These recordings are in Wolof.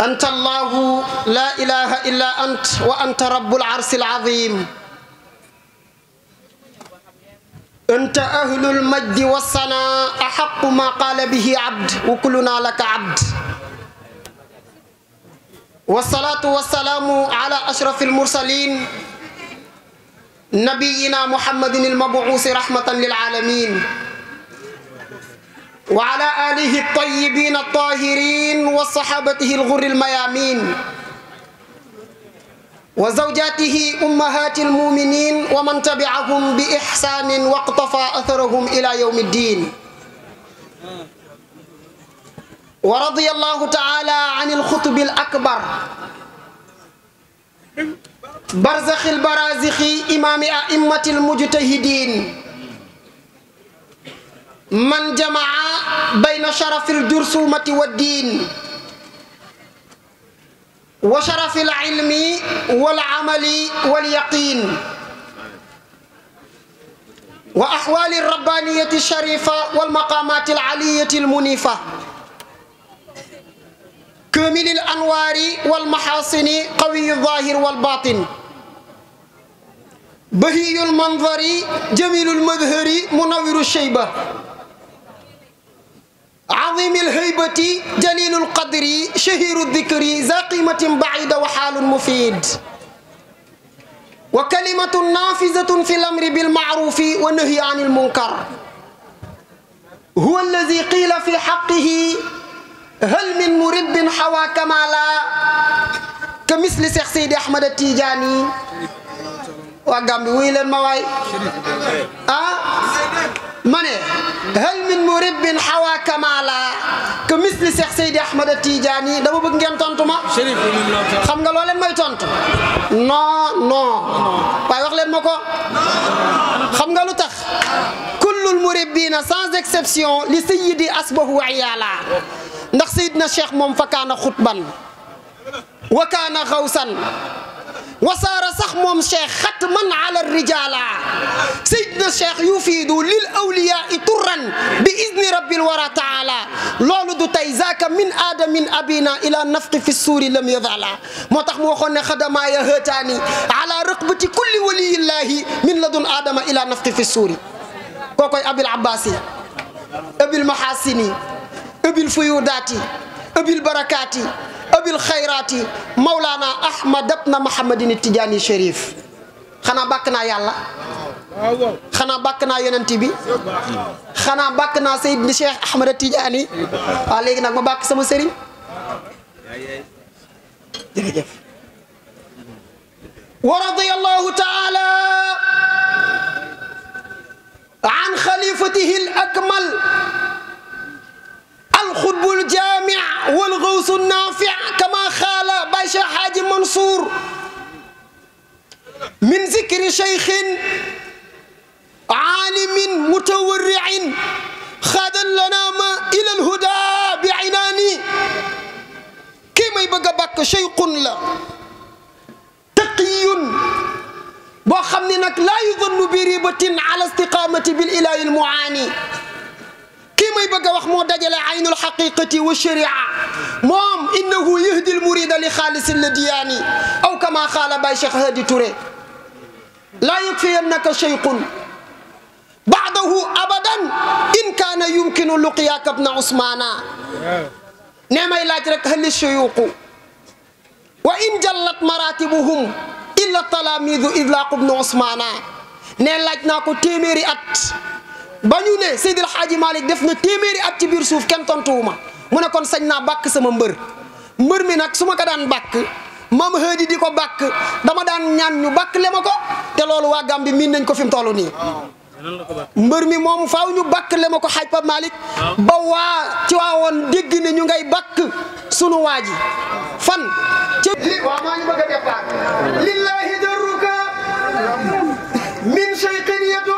أنت الله لا إله إلا أنت وأنت رب العرش العظيم أنت أهل المجد والثناء أحق ما قال به عبد وكلنا لك عبد والصلاة والسلام على أشرف المرسلين نبينا محمد المبعوث رحمة للعالمين وعلى آله الطيبين الطاهرين وصحابته الغر الميامين وزوجاته أمهات المؤمنين ومن تبعهم بإحسان واقتفى أثرهم إلى يوم الدين ورضي الله تعالى عن الخطب الأكبر برزخ البرازخ إمام أئمة المجتهدين من جمع بين شرف الجرثومة والدين وشرف العلم والعمل واليقين وأحوال الربانية الشريفة والمقامات العلية المنيفة كامل الأنوار والمحاسن قوي الظاهر والباطن بهي المنظر جميل المظهر منور الشيبة عظيم الهيبة جليل القدر شهير الذكر ذا قيمة بعيدة وحال مفيد وكلمة نافذة في الأمر بالمعروف والنهي عن المنكر هو الذي قيل في حقه هل من مرب حوى كمالا كمثل شيخ سيدي أحمد التيجاني وقام بويل المواي أه مني هل من مرب حوا كمالا كمثل شيخ سيد احمد التيجاني دا بوغ نغي تونتو ما شريف خمغا لولن ماي تونتو نو نو باي واخ لين مكو خمغا لوتخ كل المربين سانز اكسبسيون لسيدي اسبه وعيالا ندخ سيدنا الشيخ موم فكان خطبا وكان غوصا وصار صخمهم شيخ ختما على الرجال سيدنا الشيخ يفيد للاولياء طرا باذن رب الورى تعالى لولو دو تاي من ادم من ابينا الى نفق في السور لم يضعلا موتاخ مو خدما يا على رقبه كل ولي الله من لدن ادم الى نفق في السور كوكاي ابي العباسي ابي المحاسني ابي الفيوداتي ابي البركاتي وبالخيرات مولانا احمد بن محمد التجاني الشريف خنا باكنا يالا خنا باكنا يوننتي بي خنا باكنا سيد الشيخ احمد التجاني وا آه، لغي نك ما باك سما سيرين ورضي الله تعالى عن خليفته الاكمل الخطب الجامع والغوث النافع كما خال باشا حاج منصور من ذكر شيخ عالم متورع خاد لنا ما إلى الهدى بعناني كما يبقى بك شيخ لا تقي بو خمني لا يظن بريبة على استقامة بالإله المعاني ماي بغا واخ مو عين الحقيقه والشريعه موم انه يهدي المريد لخالص الدياني او كما قال باي شيخ هادي توري لا يكفي انك شيق بعده ابدا ان كان يمكن لقياك ابن عثمان نعم الى ترك هل الشيوخ وان جلت مراتبهم الا التلاميذ اذ لاقوا ابن عثمان نلاجناكو نعم، تيميري ات bañu né ne Seydil haji malik def na téméré at ci bir souf kenn tontuwuma mu né kon sañ naa bàkk sama mbeur mbeur mi nak suma ka daan bak mam xëy diko bak dama daan ñaan ñu bak le ma ko te loolu waa Gambie min nañ ko fim tolu ni mbeur mi mom faaw ñu bak le ma ko ba wa ci waawon degg ni ñu ngay bak suñu waji fan. ci wa ma ñu bëgg départ. lillahi daruka min shayqin yatu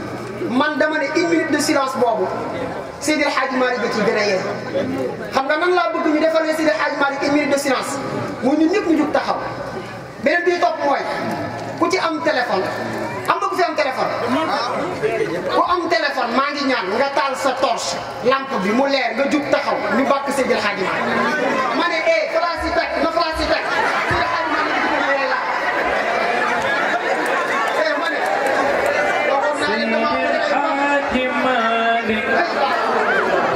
man dama ne une minute de silence boobu Seydi El Hadji Malick da ciy a yee xam nga nan laa bëgg ñu defalee Seydi El Hadji Malick une minute de silence mu ñun ñëpp ñu jug taxaw beneen bi topp mooy ku ci am téléphone am nga ku am téléphone. ku téléphone maa ngi ñaan nga taal sa torche lampe bi mu leer nga jug taxaw ñu bàkk Seydi El ma ne eh falaas yi teg na falaas yi teg.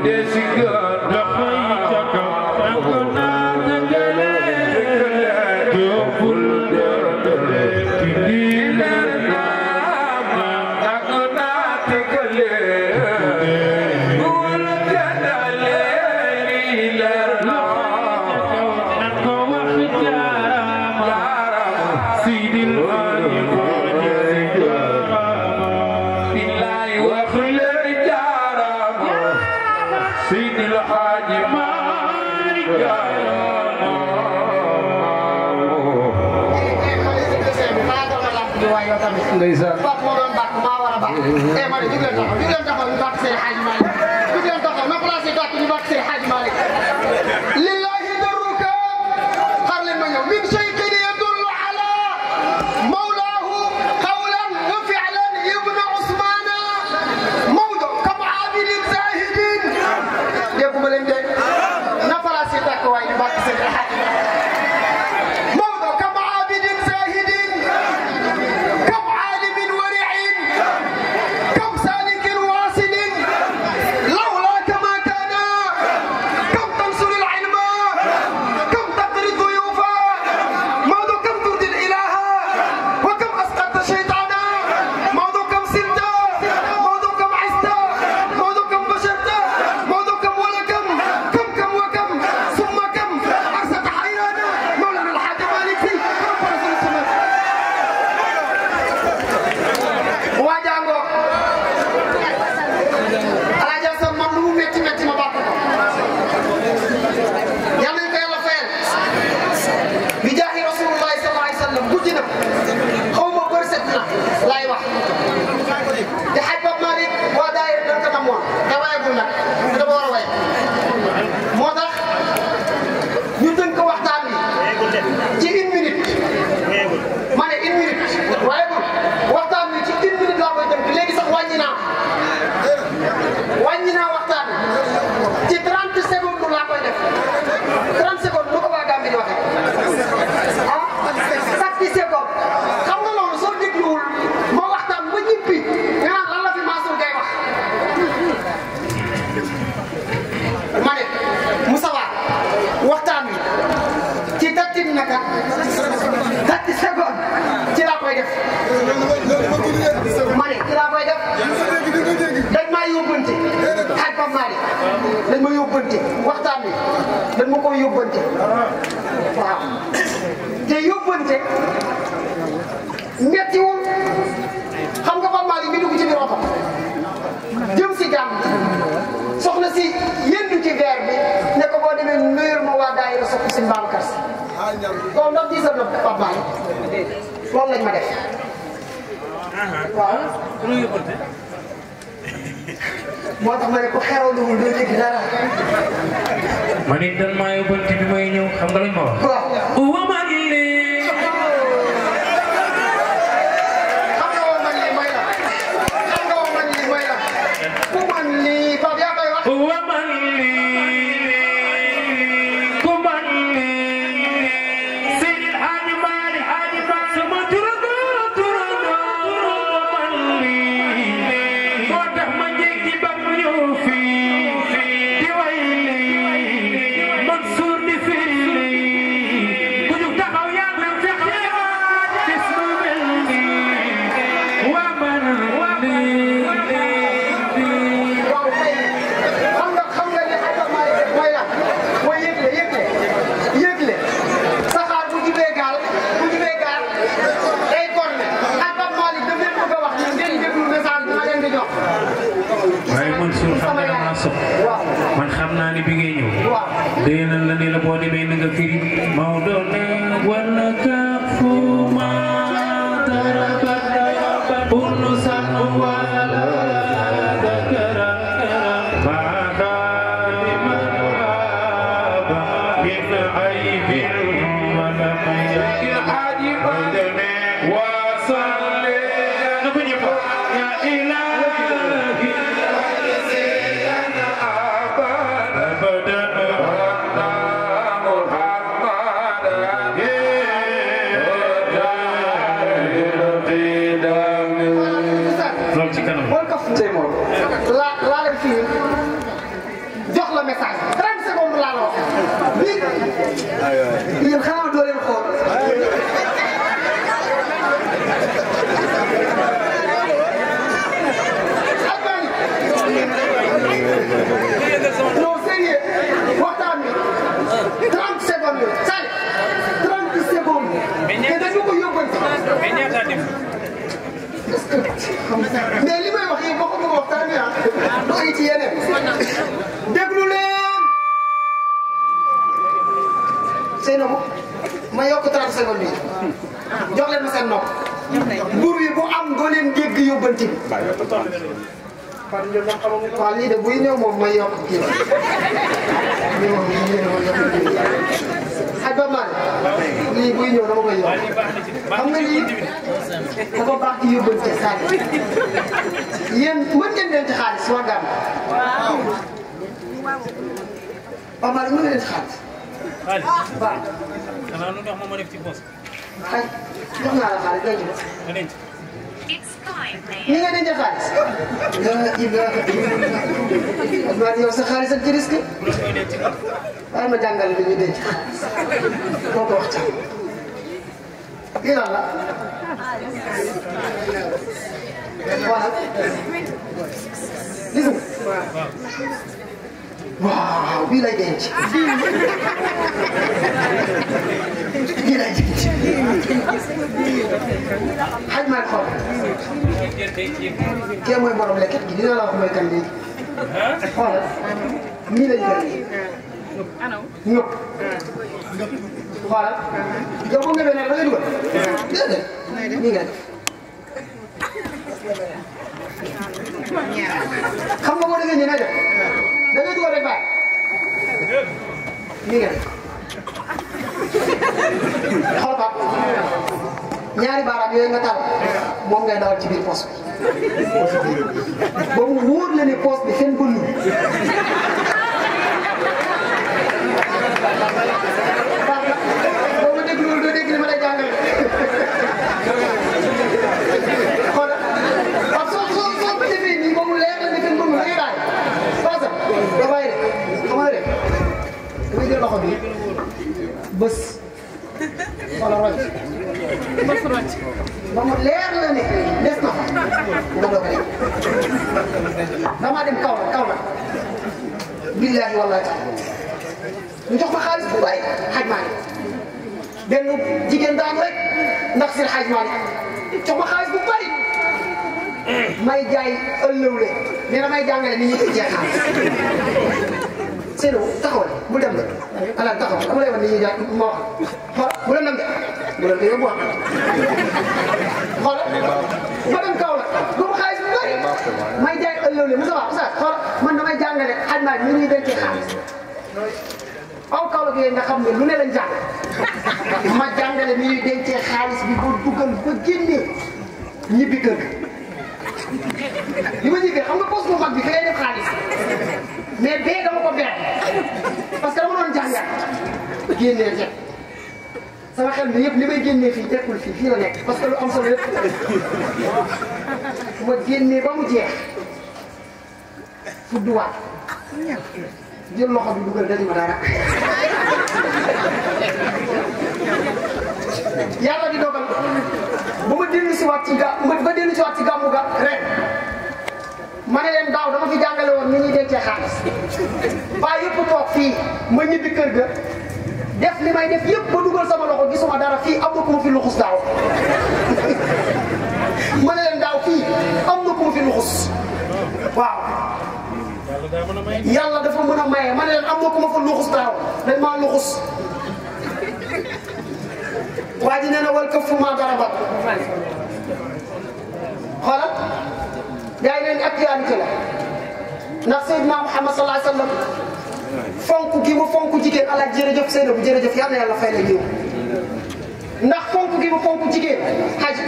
desi ga dafa sëñ Babacar Si doom doom diisal na Pape Baye loolu lañ ma def waaw moo tax ma ne ko xeeroon na wul doo dégg dara ma ne dan maa yóbbante bi may ñëw xam nga lañ ma wax ngeen dégg yóbbante bi. waaw lii de buy ñëw moom ma yokk kii la. lii moom lii ñëw ma yokk kii la. ak ba man lii buy ñëw dama koy yokk xam nga lii dafa baax ci yóbbante saa yi. yéen mën ngeen leen ci xaalis waa Gàmbi. waaw man mën na leen ci xaalis. xaalis waaw. xanaa lu tax ma ma def ci bos. ay jox naa la xaalis denc ko. ñu ngi denc xaalis. la Ibrahima yow sa xaalis ak ci risque. waaye ma jàngale li ñuy denc xaalis moo ko wax caa. lii lan la. voilà. gis nga. Wow, bila like bench. we like mal xool. kee mooy borom lekkat gi dina la wax mooy Hah? léegi. xoolal nii lañ koy. ñëpp. xoolal. yow boo nga doon da nga dugal. déedéet. nii nga def. xam nga boo Dali duga rek pak, ini kan, kalau pak nyari barang yooyu nga tahu, mau nggak dawal cibir pos, poste bi. Ba mu wóor la ne poste bi fenn bënnu. Boo loxo bi bés wala rocc. bés rocc. ba mu leer la ne des na fa nga doog a dem damaa dem kaw la kaw la. billaahi wallaahi ñu jox ma xaalis bu bàyyi xaj maa ngi benn jigéen daanu rek ndax seen xaj maa ngi jox ma xaalis bu bari may jaay ëllëwle nee na may jàngale ni ñuy jaay Seydou taxawal bu dem de. alaaka taxawal dama lay wax ni ñuy jaay ma wax xoolal bu leen dem de bu leen de yow bu wax xoolal ba dem kaw la ba mu xaalis bu bëri may jaay ëllëg li Moussa Moussa xoolal man damay jàngale xaj naa ni ñuy denc xaalis aw kaw la nga xam ne lu ne lañ jàng ma jàngale ni ñuy dencee xaalis bi ba dugal ba génnee ñibbi kër li ma njëkkee xam nga poste bu mag bi fi ngay def xaalis. mais bee dama ko pas parce que dama doon jàngat sama kan mi yëpp begini may génnee fii tekkul fii fii la nekk parce que lu am solo yëpp ma génnee ba mu jeex fudduwaat jël loxo bi dugal dañu ma dara yàlla di dogal ba ma dellu si waat ren ma ne leen daaw dama fi jàngale woon ni ñuy dencee xaalis bàyyi yëpp toog fii ma ñibbi kër ga def li may def yëpp ba dugal sama loxo gisuma dara fii am na ku ma fi luxus daaw ma leen daaw fii am na ku ma fi luxus yàlla dafa a maye am na ku ma fa luxus daaw dañ luxus. waa ji nee na wal këf fu maa gaa yi neen actualité la ndax Seydina Muhammad sallallahu alayhi wa sallam fonk gi mu fonk jigéen alaaj jërëjëf Seydou bu jërëjëf yàlla na yàlla fay la ñëw ndax fonk gi mu fonk jigéen xaj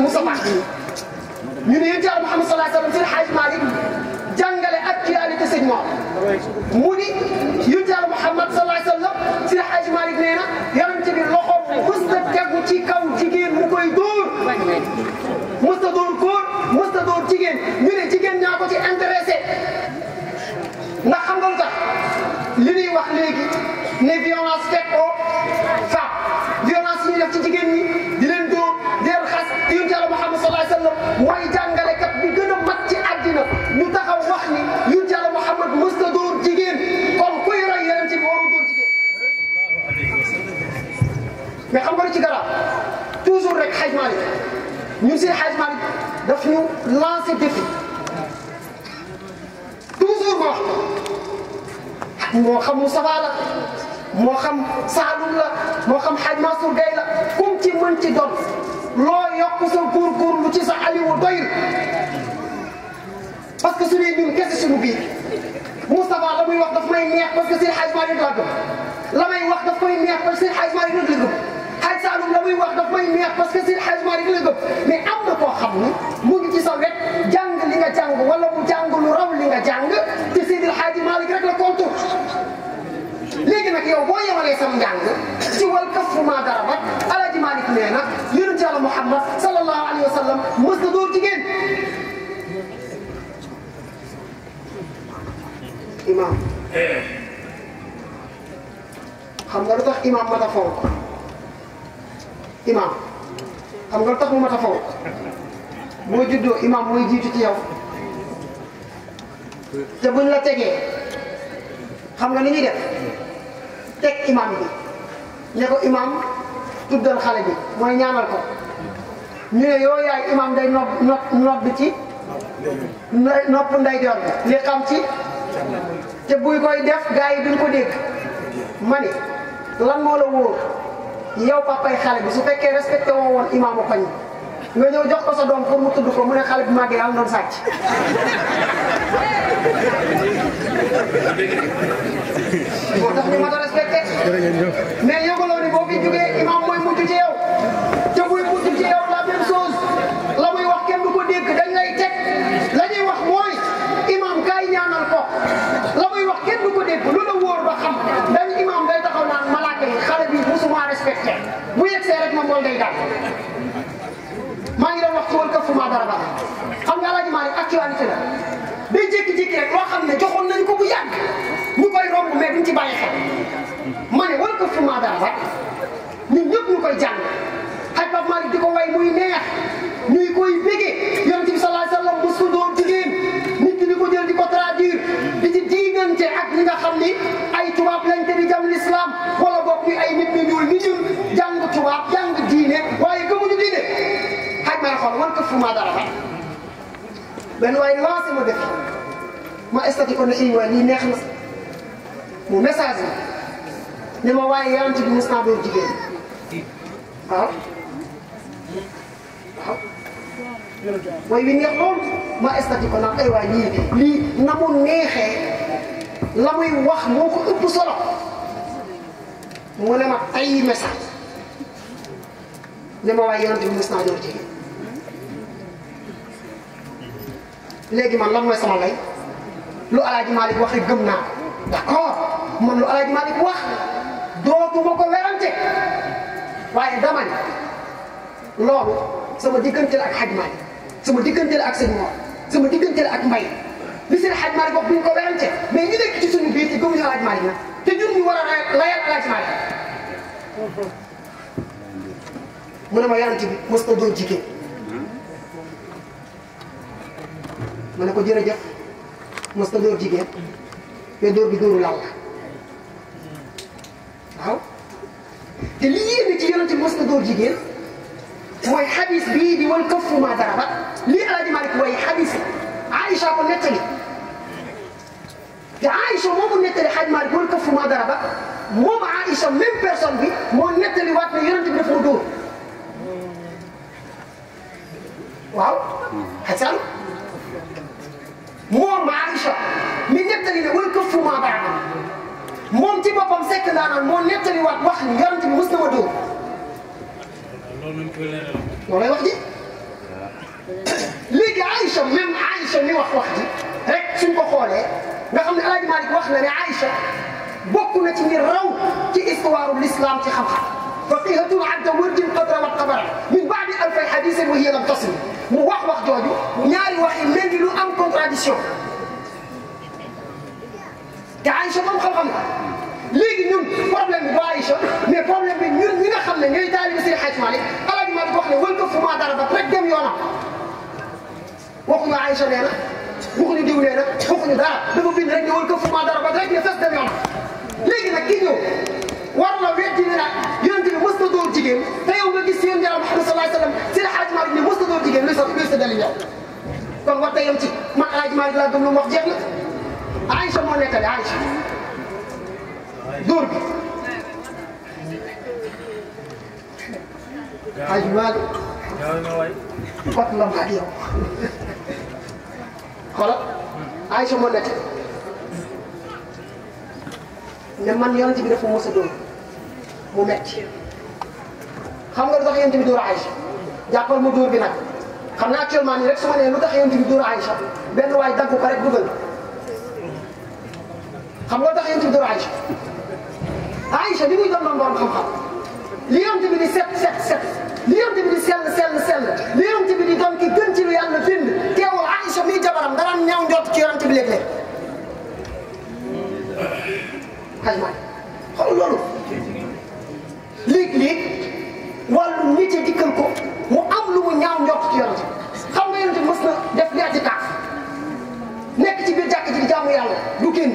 Moussa Ba ñu ne yéen jaar Muhammad sallallahu alayhi wa sallam seen xaj Malick jàngale actualité sëñ Mor mu ni yu jaar Muhammad sallallahu alayhi wa sallam seen xaj Malik nee na yonent bi loxo bës na tegu ci kaw jigéen mu koy dóor moo ci intéressé xam nga lu tax li ñuy wax léegi ne violence faite aux femmes violence yi ñu def ci di leen dóor di leen xas yonent Yàlla Muhammad sallallahu alayhi wasallam mooy jàngalekat bi gën a mat ci àddina ñu taxaw wax ni yonent Yàlla Muhammad mës na dóor jigéen kon kuy roy yeneen ci waru dóor jigéen mais xam nga lu ci garaaw toujours rek Hadj Malick ñu si Hadj toujours ma wax ko moo xam Moustapha moo xam Saalum moo xam Hadj Mansour Gueye la kum ci mën ci doon loo yokk sa góorgóorlu ci sa aliwu doyul parce que su dee ñun kese suñu biir Moustapha la wax daf may neex parce que seen Hadj Malick laa gëm la may wax daf may neex parce que seen Hadj la gëm Hadj Saalum la muy wax daf may neex parce que seen Hadj Malick ci sa wet jàng li nga jàng wala mu jàng lu raw li nga jàng te Seydil Hadji Malick rek la kontu léegi nag yow boo yemalee sam njàng wal kafu ma darabat Alaaji Malick nee na yonent Yàlla Muhammad sallallahu imam xam nga lu tax imam ma nga lu tax mu ma ta fonk boo juddoo imam mooy jiitu ci yaw te buñ la tegee xam nga ni ñuy def teg imam bi ne ko imam tuddal xale bi mooy ñaanal ko ñu ne yow yaay imam day nob nob ci nopp ndeyjoor bi li xam ci te buy koy def gars yi duñ ko dégg ma ni lan moo la wóor yow papay xale bi su fekkee respecté woo woon imaamu koñ nga ñëw jox ko sa doom pour mu tudd ko mu ne xale bu màggee am doon sàcc. boo tax ñu mën ni boo fi jugee imam mooy mujj ci yow. actualité la day jékki ne joxoon nañ ko bu yàgg ñu koy romb mais duñ ci bàyyi xel ma ne war ko fu ma dara rek ñun ñëpp ñu koy jàng xaj Pape di ko way muy neex ñuy koy bégee yonent bi sallallahu alayhi wasallam bu sudoo jigéen nit ñi di ko jël di ko traduire di ci diggante ak ñi nga xam ni ay tubaab lañ te di jam l'islam wala boog ñu ay nit ñu ñuul ñu ñun jàng tubaab jàng diine waaye gëmuñu diine xaj ma ne xool war ko fu ma dara benn waay lancé ma def ma stati ko ne i waay lii neex na mu message ma ne ma waaye yaranti bi mos naa doon jigéen waaw waaw way wi neex lool ma stati ko naan ay waay lii lii na mu neexee la muy wax moo ko ëpp solo mu ne ma ay message ne ma waaye yaranti bi mos naa doon jigéen léegi ma lan mooy sama lay lu Alaaji Malick wax rek gëm naa ko d'accord man lu Alaaji Malick wax dootuma ko werante waaye dama ne loolu sama diggante ak xaj Malick sama diggante la ak sëñ Mor sama diggante la ak Mbay li seen Hadj Malick wax bu ñu ko werante mais ñi nekk ci suñu biir ci gëmuñu Alaaji Malick nag te ñun ñu war a layal Alaaji Malick mu ne ma yarante bi mos na من أكو جرجة مستدور جيجي يدور بدور الله هاو تلي نجي يوم تي مستدور جيجي واي حديث بي دي وان كفو ما دربا لي على دي مالك واي حديث عائشة أكو نتلي عائشة مو من نتلي حد مالك وان كفو ما دربا مو مع عائشة من بيرسون بي مو نتلي وقت نجي يوم تي بدور واو هتسألوا moom Aïcha mi nettali ne wal këf fu maa baax moom ci boppam sekk ndaanaan moo nettali waat wax yonent bi mës na ma dóor. loolu lay wax ji léegi Aïcha même Aïcha mi wax wax ji rek suñ ko xoolee nga xam ne El Hadj Malick wax na ne Aïcha bokk na ci ñi raw ci histoire l'islam ci xam-xam. فقيهة عبد ورد القدر والقبع من بعد ألف حديث وهي لم تصل موح وح جوجو نياري وحي من دلو أم كونتراديسيون تعايشة من خلقنا ليك نم بروبليم بعايشة مي بروبليم بي نم نم خلنا نجي تالي بسير حاج مالي ألا دي مالك وحنا ولك فما دارا بطرق دم يوانا وقنا عايشة لنا وقنا ديو لنا وقنا دارا لبو بين رجل ولك فما دارا بطرق دم يوانا ليك نكينيو dali yow kon war ta yem ci man El Hadj Malick laa gëm lu mu wax jeex na Aïcha moo nekkale Aïcha dóor bi Hadj Malick kot la maa yow xoolal Aïcha moo nekk ne man yonent bi dafa mos a dóor mu metti xam nga lu tax yonent bi dóor Aïcha jàppal mu dóor bi nag xam nga actuellement nii rek su ma nee lu tax yéen tamit dóor Aïcha benn waay dagg ko rek dugal xam nga lu tax yéen tamit dóor Aïcha Aïcha li muy doon doon borom xam-xam li yéen tamit di set set li yéen tamit di sell sell li yéen tamit di doon ki gën ci lu yàlla bind teewul Aïcha muy jabaram daraan ñaaw ci yéen tamit léeg-léeg. wàllu nit a dikkal ko mu am lu mu ñaaw njort ci yonent xam nga yonent mës na def li ci kaaf nekk ci bir jàkk ji di jaamu yàlla du génn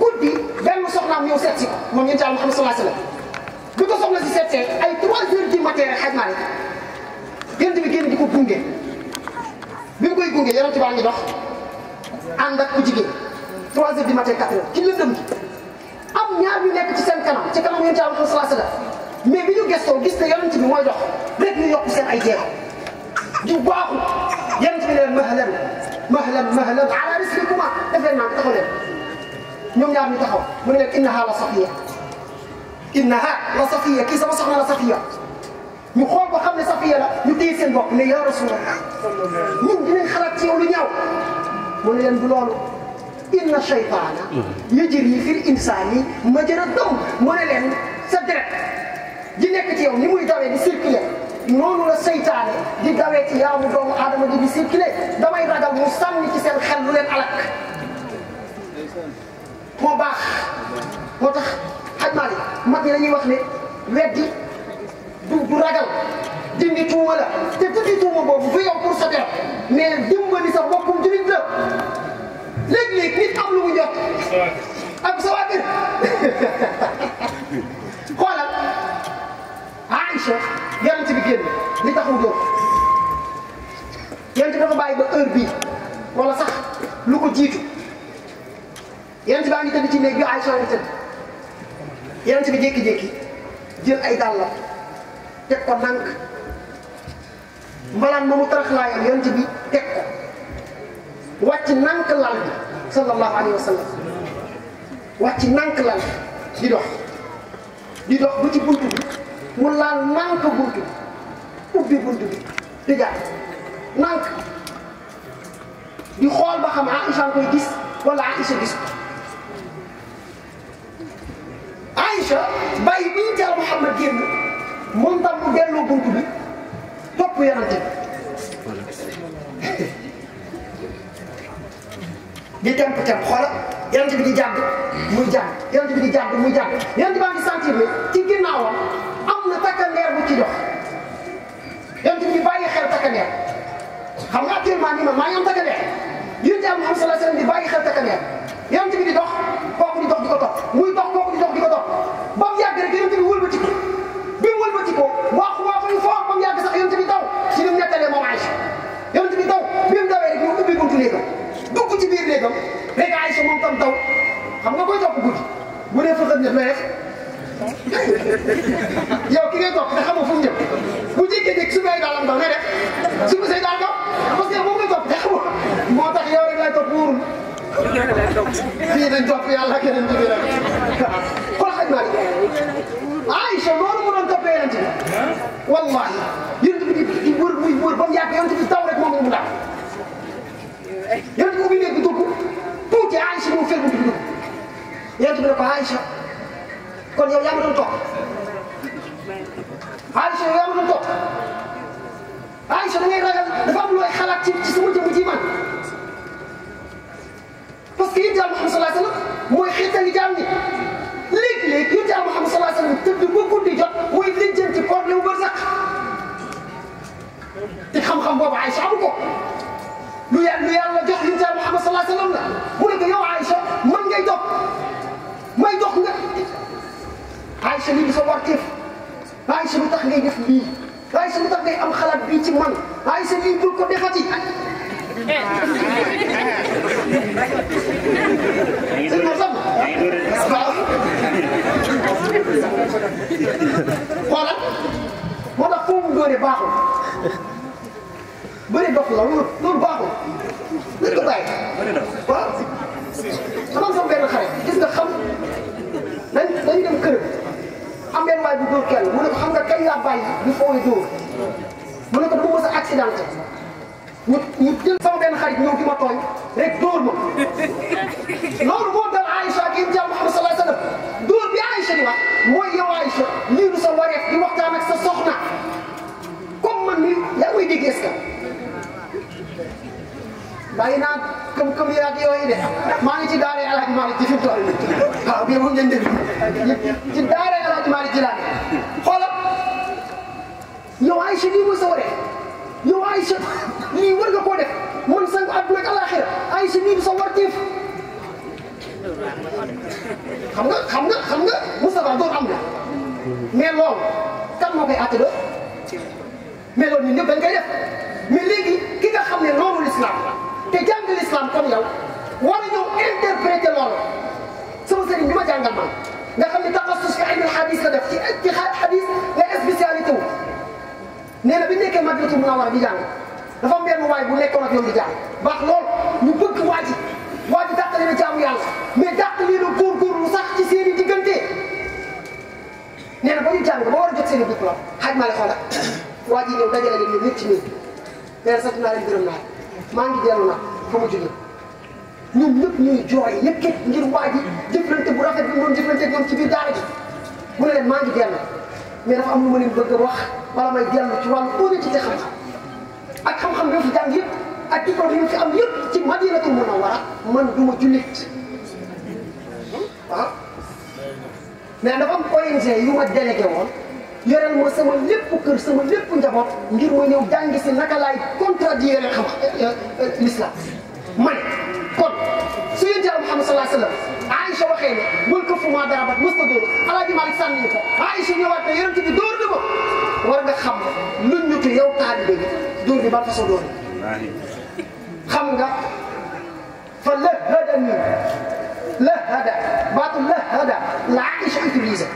guddi benn soxnaam ñëw seet si ko moom ñu jàll Muhammad sallallahu alayhi wasallam bi ko soxna si seet seet ay 3 heures du matin rek xaj naa yonent bi génn di ko gunge bi mu koy gunge yonent baa ngi dox ànd ak ku jigéen 3 heures du matin 4 heures ci lëndëm gi am ñaar ñu nekk ci seen kanam ci kanam yonent Muhammad sallallahu alayhi mais biñu ñu gëstoo gis ne yonent bi moy dox rek ñu yok seen ay jéego di waaxu yonent bi leen mahlam mahlam mahlam ala rislikuma def leen naan taxaw leen ñoom ñaar ñu taxaw mu ne inna ha la safiya inna ha la safiya ki sama soxna la safiya ñu xol ko xamne safiya la ñu téye seen bopp ne yaa rasulallah ñun dinañ xalat ci yow lu ñaw mu ne leen du lolu inna shaytana yajri fil insaani majra dam mu ne leen sa direct di nekk ci yow ni muy dawee di circuler noonu la seytaane di dawee ci yaamu doomu aadama di di circuler damay ragal mu ci seen xel lu leen alak moo baax moo tax xajmaali mag ñi dañuy wax ne weddi du du ragal dindi tuuma la te dindi tuuma boobu du yow pour sa def mais dimbali sa bokkum jullit la léeg-léeg nit am lu mu jot Aisyah yang bi génn li tax mu jóg yonent bi dafa bàyyi ba heure bii wala sax lu ko jiitu yonent baa ngi tëdd ci néeg bi Aïcha ngi tëdd yonent bi jékki-jékki jël ay dàllam teg ko nànk mbalaan ma mu taraxlaayoon yonent bi ko lal sallallahu lal di dox di dox ba ci buntu bi mulan laal ke buntu ubi buntu bi di di xool ba xam Aïcha koy gis wala dis, gis bayi Aïcha bàyyi bi ñu teel Mouhamad génn tam mu delloo buntu bi topp yonante di temp temp xoolal yonante bi di jàng muy jàng yonante bi di yang muy jàng yonante baa ngi sentir ci takkandeer bu ci jox yonent bi bàyyi xel takkandeer xam nga actuellement nii man maa ngi am takkandeer yonent am am sala seen di bàyyi xel takkandeer yonent bi di dox kooku di dox di ko topp muy dox kooku di dox di ko topp ba mu yàgg rek yonent bi wëlbati ko bi mu wëlbati ko wax waxuñ foofu ba mu yàgg sax yonent bi daw ci li mu nettalee moom Aïcha yonent bi daw bi mu dawee rek mu ubbi buntu néegam dugg ci biir néegam rek Aïcha moom tam daw xam nga koy topp guddi bu dee fëxat ne nooy def yow ki ngay toog te xamoo fu mu jëm bu jékki-jékki su may daalam dox nga def su ma say daal dox parce que moom ngay toog te xamoo moo tax yow rek lay toog wóorul fii nañ topp yàlla keneen ci biir xool xaj maa Aïcha noonu mu doon toppee yonent bi wallahi yonent bi di wër muy wër ba mu yàgg yonent bi taw rek moom la mu daal yonent bi ubbi néeg bi dugg tuuti Aïcha moom fekk mu dugg yonent bi ne ko Aïcha kon yow yaa ngi doon toog Aïcha yow yaa ngi doon toog Aïcha da ngay ragal dafa am looy xalaat ci ci sama jëmm ji man parce que yéen daal Muhammad sallallahu alayhi wa sallam mooy xeetali jaam ni léegi-léegi yéen daal Muhammad sallallahu alayhi wa sallam tëdd ba guddi jot mooy lijjanti koor lew barzak te xam-xam boobu Aïcha amu ko lu yàlla lu yàlla jox yéen daal Muhammad sallallahu alayhi wa sallam la mu ne ko yow Aïcha man ngay dox may dox nga. Aïcha lii di sa warteef Aïcha lu tax ngay def lii Aïcha lu tax ngay am xalaat bii ci man Aïcha lii bul ko defati. sëñ ma sàmm. waaw. xoolal moo tax foofu mu dóoree baaxul bëri dox la loolu loolu baaxul nañ ko bàyyi. waaw. dama am sama benn xarit gis nga xam nañ dañu dem kër. am benn waay bu dóor kenn mu ne ko xam nga kañ laa bàyyi di fooy dóor mu ne ko bu ma sa accidenté ñu ñu jël sama benn xarit ñëw di ma tooñ rek dóor ma loolu moo dal Aïcha ki jàmm Muhammad sallallahu alayhi wa sallam dóor bi Aïcha di wax mooy yow Aïcha lii du sa wareef di waxtaan ak sa soxna comme man ni yaa ngi koy dégg est-ce que bàyyi naa këm këm yaag yooyu de maa ngi ci daara El Hadj Malick ci fi mu toll nii waaw bi moom ngeen dégg ci daara El Hadj Malick ci laa ne xoolal yow Aïcha lii mu sawre yow Aïcha lii war nga koo def man sang àdduna ak alaxira Aïcha lii du sa warteef xam nga xam nga xam nga Moustapha doon am na mais loolu kan moo koy àttaloo mais loolu ñun ñëpp dañ koy def mais léegi ki nga xam ne loolu l'islam te jàng l'islam comme yow war a ñëw interpréter loolu sama sëriñ bi ma jàngal man nga xam ne taxasus fi ilmul hadis la def ci ci hadis la spécialité wu nee na bi nekkee Madinatu Munawwara di jàng dafa am benn waay bu nekkoon ak yow di jàng baax lool ñu bëgg waa ji waa ji dàq leen a jaamu yàlla mais dàq leen a góorgóorlu sax ci seen i diggante nee na ba ñu jàng ba war a jot seen i diplôme xaaj maa la xoola waa ji ñëw dajale leen ñoom ñëpp ci néeg nee na sant naa leen gërëm naa maa ngi dellu nag fa mu jógee ñun ñëpp ñuy jooy yëkkat ngir waa ji jëflante bu rafet bi mu doon jëflante ñoom ci biir daara ji mu ne leen maa ngi dellu mais dafa am lu ma leen bëgg a wax wala may dellu ci wàllu honnêteté ak xam-xam bi ma fi jàng yëpp ak diplôme yi ma fi am yëpp ci Madinatul Munawwara man du ma jullit waaw mais dafa am ONG yu ma délégué woon. yoreel ma sama lépp kër sama lépp njaboot ngir ma ñëw jàngi si naka laay contradire xam l'islam man kon su yéen jaram Muhammad sallallahu alayhi wasallam Aïcha waxee ne bul ko fu ma dara bat mës na dóor Alaaji Malik sànni ko Aïcha ñëwaat ne yonent bi dóor na ma war nga xam luñ ñu ki yow taalibe bi dóor bi ban façon dóor xam nga fa lahada nii lahada baatu lahada la Aïcha utilisé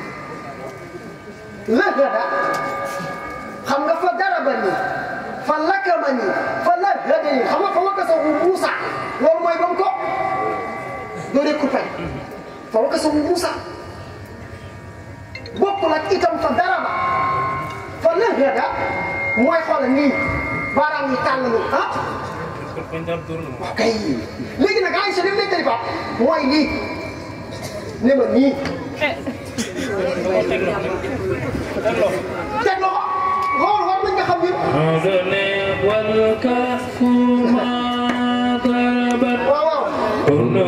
lahada xam nga fa darabani fa lakamani fa lahadani xam nga fa wakasahu Muusa loolu mooy ba mu ko doon découpé fa wakasahu Muusa bokkul ak itam fa daraba fa lahada mooy xool nii baaraam yi tànn ñu ah. ok léegi nag Aïcha li mu nettali ba mooy lii. ne ma nii. teg loxo loolu war nañ nga xam ni. waaw waaw.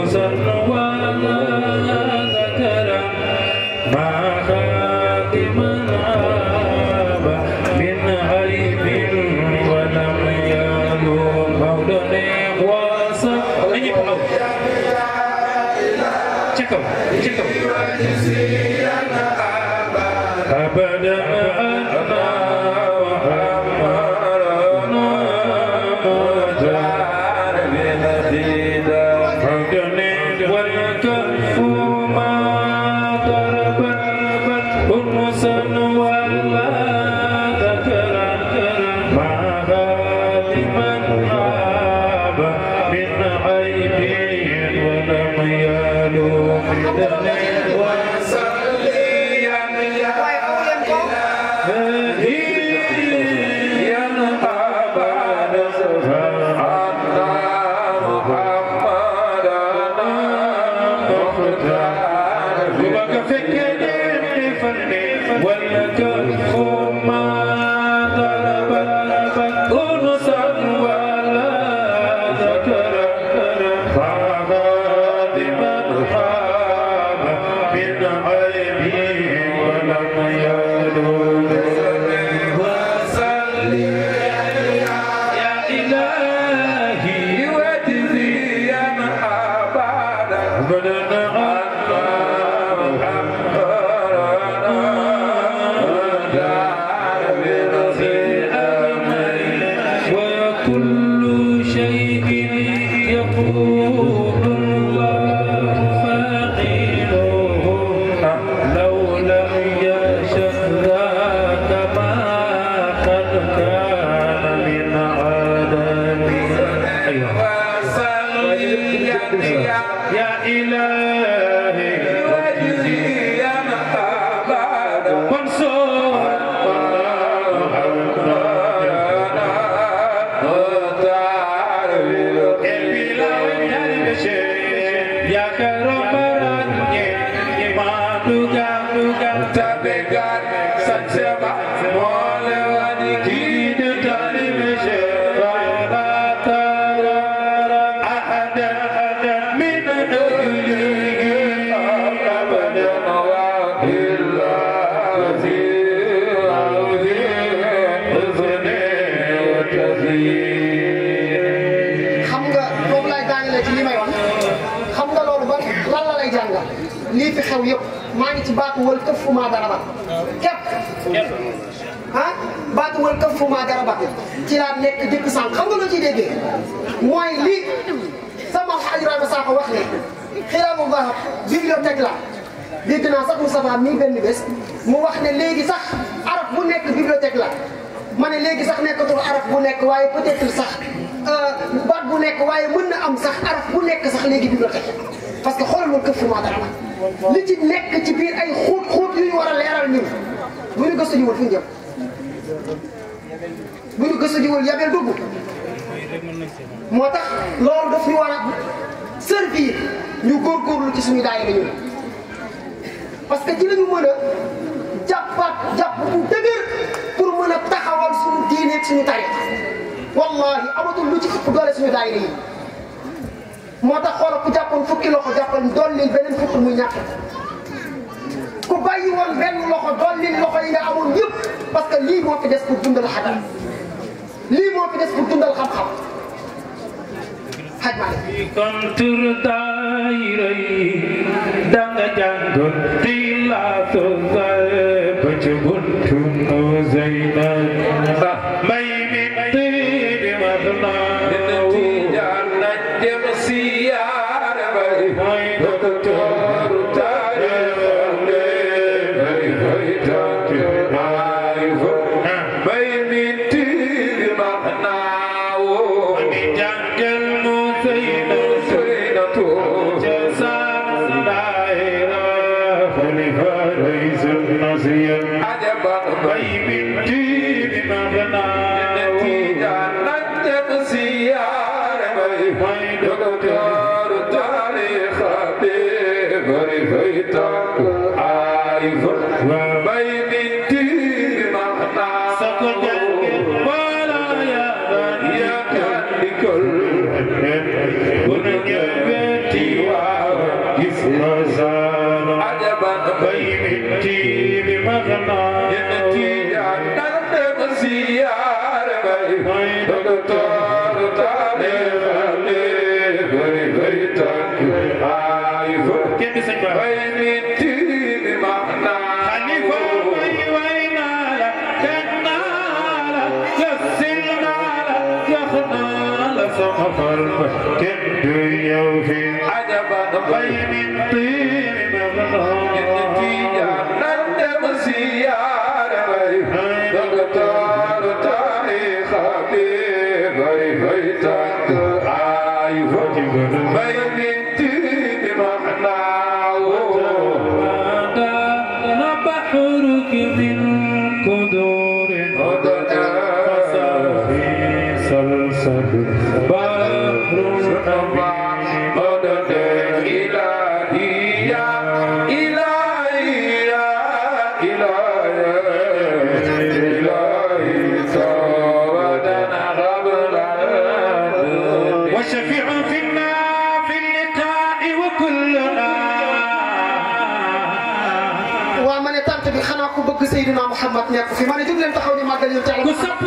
Mbacké ci laa nekk dëkk sànq xam nga lu ciy déggee mooy li sama xaj Ibrahima Sakho wax ne xilaafu zahab bibliothèque la dégg naa sax Moustapha mii benn bés mu wax ne léegi sax arab bu nekk bibliothèque la ma ne léegi sax nekkatul arab bu nekk waaye peut-être sax baat bu nekk waaye mën na am sax arab bu nekk sax léegi bibliothèque parce que xoolal ma këf maa dara li ci nekk ci biir ay xuut xuut yu ñu war a leeral ñun bu ñu gëstu ñu wul fi ñu jëm bu ñu gëstu jiwul yabel dugg motax lool daf ñu wara servir ñu lu ci suñu la ñu parce que ci lañu mëna jappat japp bu deugër pour mëna taxawal suñu diineeg suñu tarix wallahi amatu lu ci ëpp doole suñu daayira yi motax xol xoolal ku jàppoon fukki loxo jappal dollil benen fukki muy ñàkk ku bayyi won benn loxo dollil loxo yi nga amul yëpp parce que lii moo fi des pour dundal xadis lii moo fi des pour dundal xam-xam xaj ma kon tur daayira yi da nga jàngoon ti laa ba ci buntu Zeyna كالدنيا وفي عجب نقي من طيب مغرور في جهنم آي وجب بين طيب معناه بحرك من قدور فصار في سلسل Seydina Muhammad nekk fi ma ne jóg leen taxaw ni màggal yéen ku sopp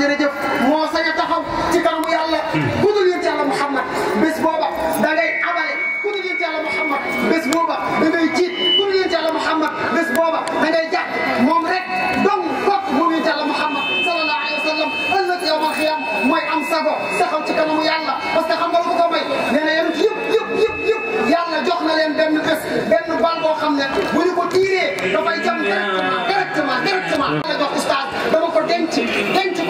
jërëjëf moo sañ a taxaw ci kanamu yàlla ku dul yonent yàlla Muhammad bés booba da ngay abale ku dul yonent yàlla Muhammad bés booba da ngay jiit ku dul yonent yàlla Muhammad bés booba da ngay jàpp moom rek dong kooku moom yonent yàlla Muhammad sallallahu alayhi wa sallam ëllëg yow ma xiyam mooy am sago saxaw ci kanamu yàlla parce que xam nga lu ko may nee na yonent yëpp yëpp yëpp yëpp yàlla jox na leen benn bés benn bal boo xam ne bu ñu ko tiiree dafay jam directement directement la jox oustaz dama ko denc denc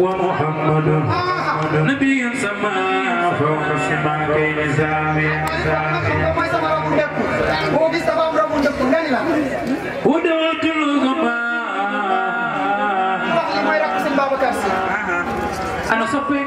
ومحمد نبيا سما فوق السماء كي نزامي ودعوة الغمام أنا صبي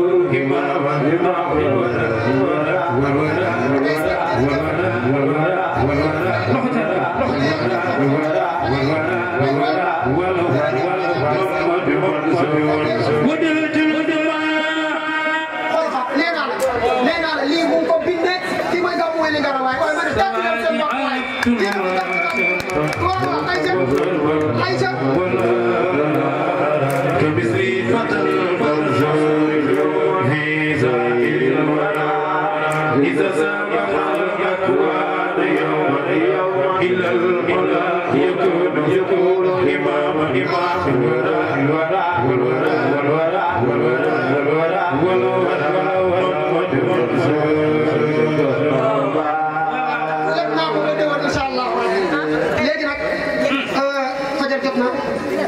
Can we see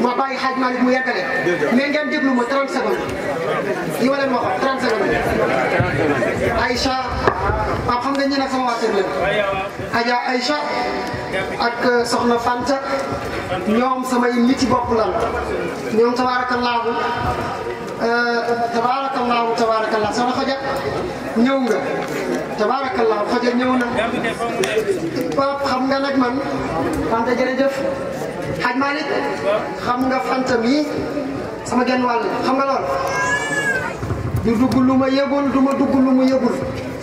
ma bàyyi xaaj Malick mu yàggale mais ngeen déglu ma 30 secondes li ma leen waxoon 30 secondes Aïcha waaw xam nga ñi nag sama waa kër leen Adja Aïcha ak soxna Fanta ñoom samay ci bopp lan ñoom tabarakallah euh tabarakallah tabarakallah sama Xaja ñëw nga tabarakallah Xaja ñëw na Pape xam nga nak man Fanta jere jërëjëf haj malik xam nga Fanta mi sama genn wal xam nga lool du dugg lu ma yëgul du ma dugg lu mu yëgul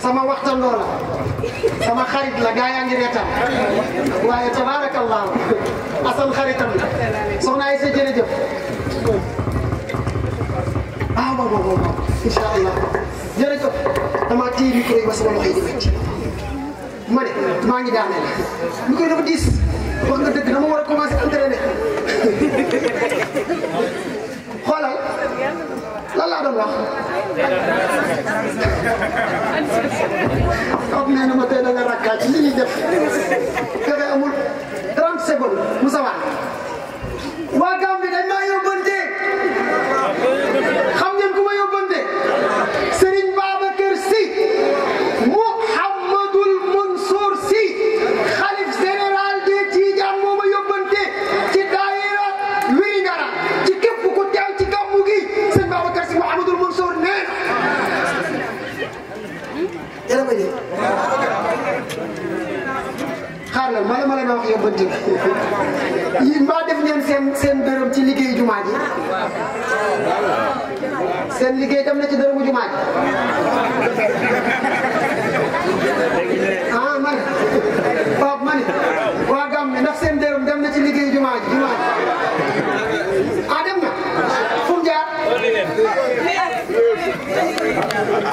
sama waxta lool sama xarit la gaa yaa ngi reetaan waaye tabaarakallaahu Assane xaritam soxna Aysa jërëjëf ah waaw waaw waaw incha allah jërëjëf damaa téye micro yi ba sama loxo yi di métti ma ne maa ngi daaneel micro yi dafa diis wax nga dëgg dama war a commencé entraîner xoolal lan laa doon wax. xam nee na ma tey da nga rakkaat ci li ñuy def fexe amul. góor Moussa Wade ba dégg yi mbaa def ngeen seen seen dërëm ci liggéey jumaa ji seen liggéey dem na ci dërëmu jumaa ji ah, man Pape man waa Gàmbi ndax seen dërëm dem na ci liggéey jumaa ji jumaa ji ah dem na jaar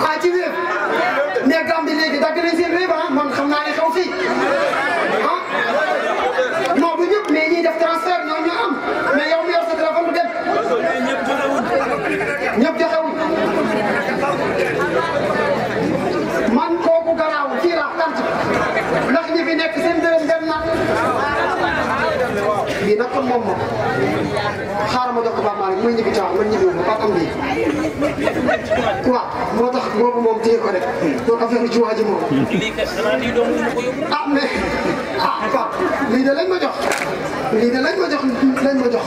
ah ci wér mais Gàmbi léegi dagg nañ seen ah, man xam naa ne xew fii bii nag kon moom moom xaaral ma jox ko Pape Malick muy ñibbi caawa man ñibbi ma papam bii quoi moo tax boobu moom téye ko rek donc affaire bi ci waa ji moom ah mais ah Pape lii de lañ ma jox lii de li ma jox lañ ma jox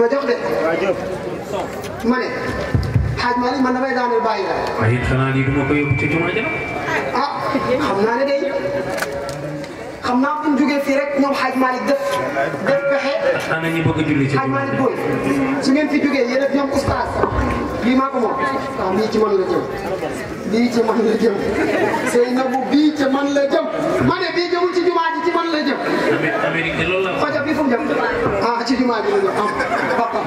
ma de ma ne xaaj Malick man damay daaneel bàyyi la waaye xanaa lii du ma ko yóbbu ci jumaa ja ah xam naa xam naa bu ñu jógee fii rek ñoom xaaj Malick def def pexe. xanaa ñu bëgg a julli ci xaaj Malick booy su ngeen fi jógee yéen ak ñoom oustaz lii maa ko moom. waaw lii ci man la jëm lii ci man la jëm sëy na bu bii ci man la jëm ma ne bii jëmul ci jumaa ji ci man la jëm. Amérique loolu la. fajar bi fu mu jëm ah ci jumaa ji la jëm am ah, papa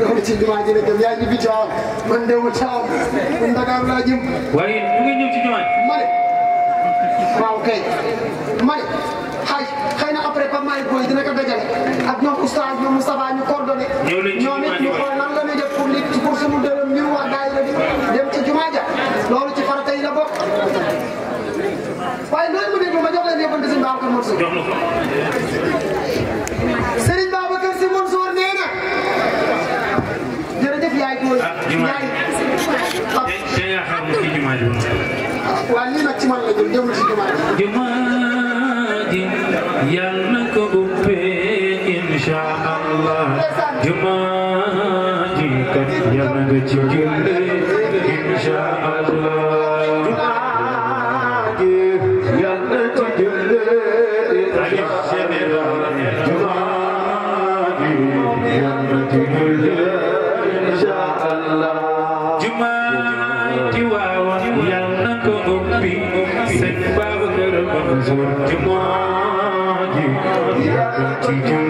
loolu ci jumaa ji la jëm yaa ngi bi ci waaw man de wu caaw man Dakar laa jëm. waaye mu ngi ñëw ci jumaa ji. waaw kay ma ne xay xëy na après ba may booy dina ko dajale ak ñoom oustaz ñoom Moustapha ñu coordonné. ñoom it ñu xool nan la ñuy def pour nit pour suñu dërëm ñu wax daayira bi dem ci jumaa ja loolu ci farata yi la bokk. waaye nawet mu déglu ma jox leen yëpp a Serigne Babacar Mansour. Serigne Babacar Sy Mansour nee na. jërëjëf yaay booy. ah jumaa ji. waa lii nag ci man la jëm jëmul ci jumaa jumaa ji yal ko ubbee insha allah jumaa ji kat yal nga ci julli. What do I do?